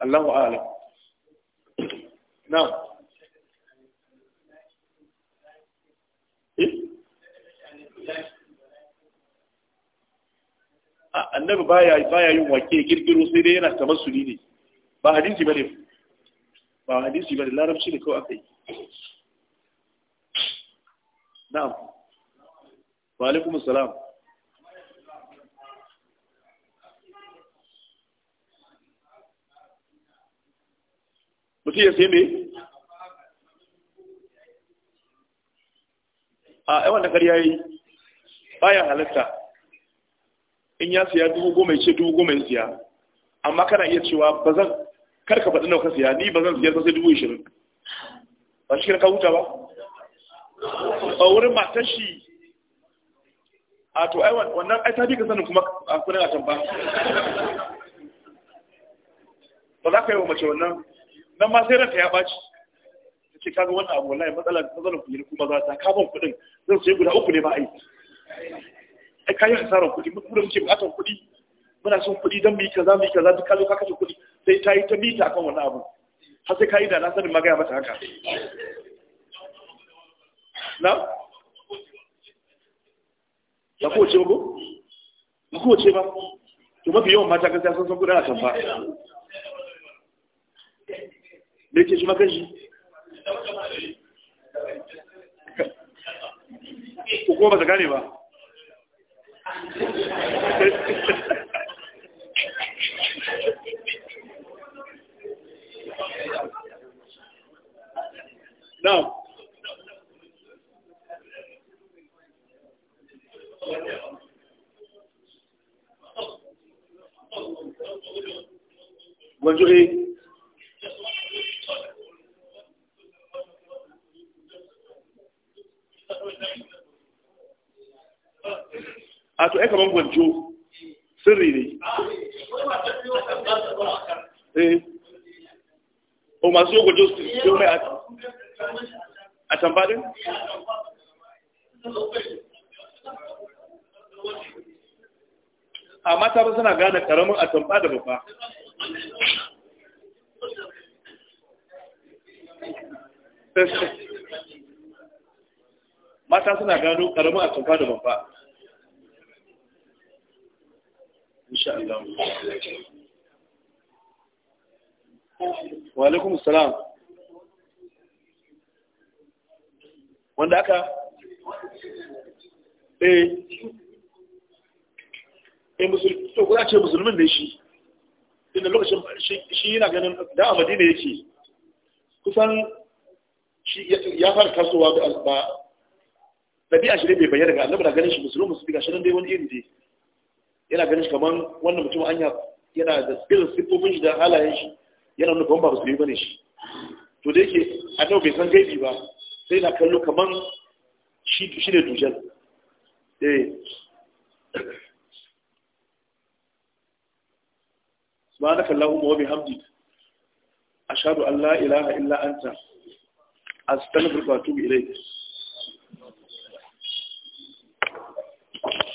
Allahu a'lam na'am annabi baya baya yin wake girgiro sai dai yana kamar su ne ba hadisi bane ba hadisi bane larabci ne kawai akai na'am wa alaikum assalam mutum ya sai me a yawan da karya yi baya halatta in ya siya dubu goma ya ce dubu goma ya siya amma kana iya cewa ba zan karka faɗi nawa ka siya ni ba zan siya sai dubu ishirin ba shi ka huta ba a wurin matan shi a to ai wannan ai ta ka sanin kuma a kunan a can ba ba za ka yi wa mace wannan nan ma sai ranta ya ɓaci ta ce kaga wannan abu wallahi matsalar matsalar kuɗi kuma za ta kaban kuɗin zan sai guda uku ne ba ai ai kayan asarar kuɗi mutum da muke bukatar kuɗi muna son kuɗi don mu yi kaza mu yi kaza duk kalo ka kashe kuɗi sai ta yi ta mita akan wani abu har sai ka yi da na sanin magaya mata haka na ba kowace ba ko ba kowace ba to mafi yawan mata gaskiya sun san gudanar kan ba da yake shi maka shi ko kuma ba ta gane ba Now, wajen to ai kaman gwanjo sirri ne eh o oh, masu yau gwanjo yau mai a tambadin amma ta ba suna gane karamin a tamba da babba mata suna gano karamin a tamba da babba alaikum wanda aka eh, eh musulmi to kuma ce musulmin ne shi inda lokacin shi yana ganin da a madina yake kusan ya fara tasowa da ba ɗabi'a shi ne bai bayyana ga annabi da ganin shi musulmi su ga shi nan dai wani iri dai yana ganin shi kamar wannan mutum anya yana da skill sifofin shi da halayen shi yana nufin ba su yi ba ne shi to da yake a nau bai san gaibi ba sai na kallo kaman shi ne dujen eh ba na kalla umu wa hamdi a shaɗu allah ilaha illa anta a stanford batu ilai Thank you.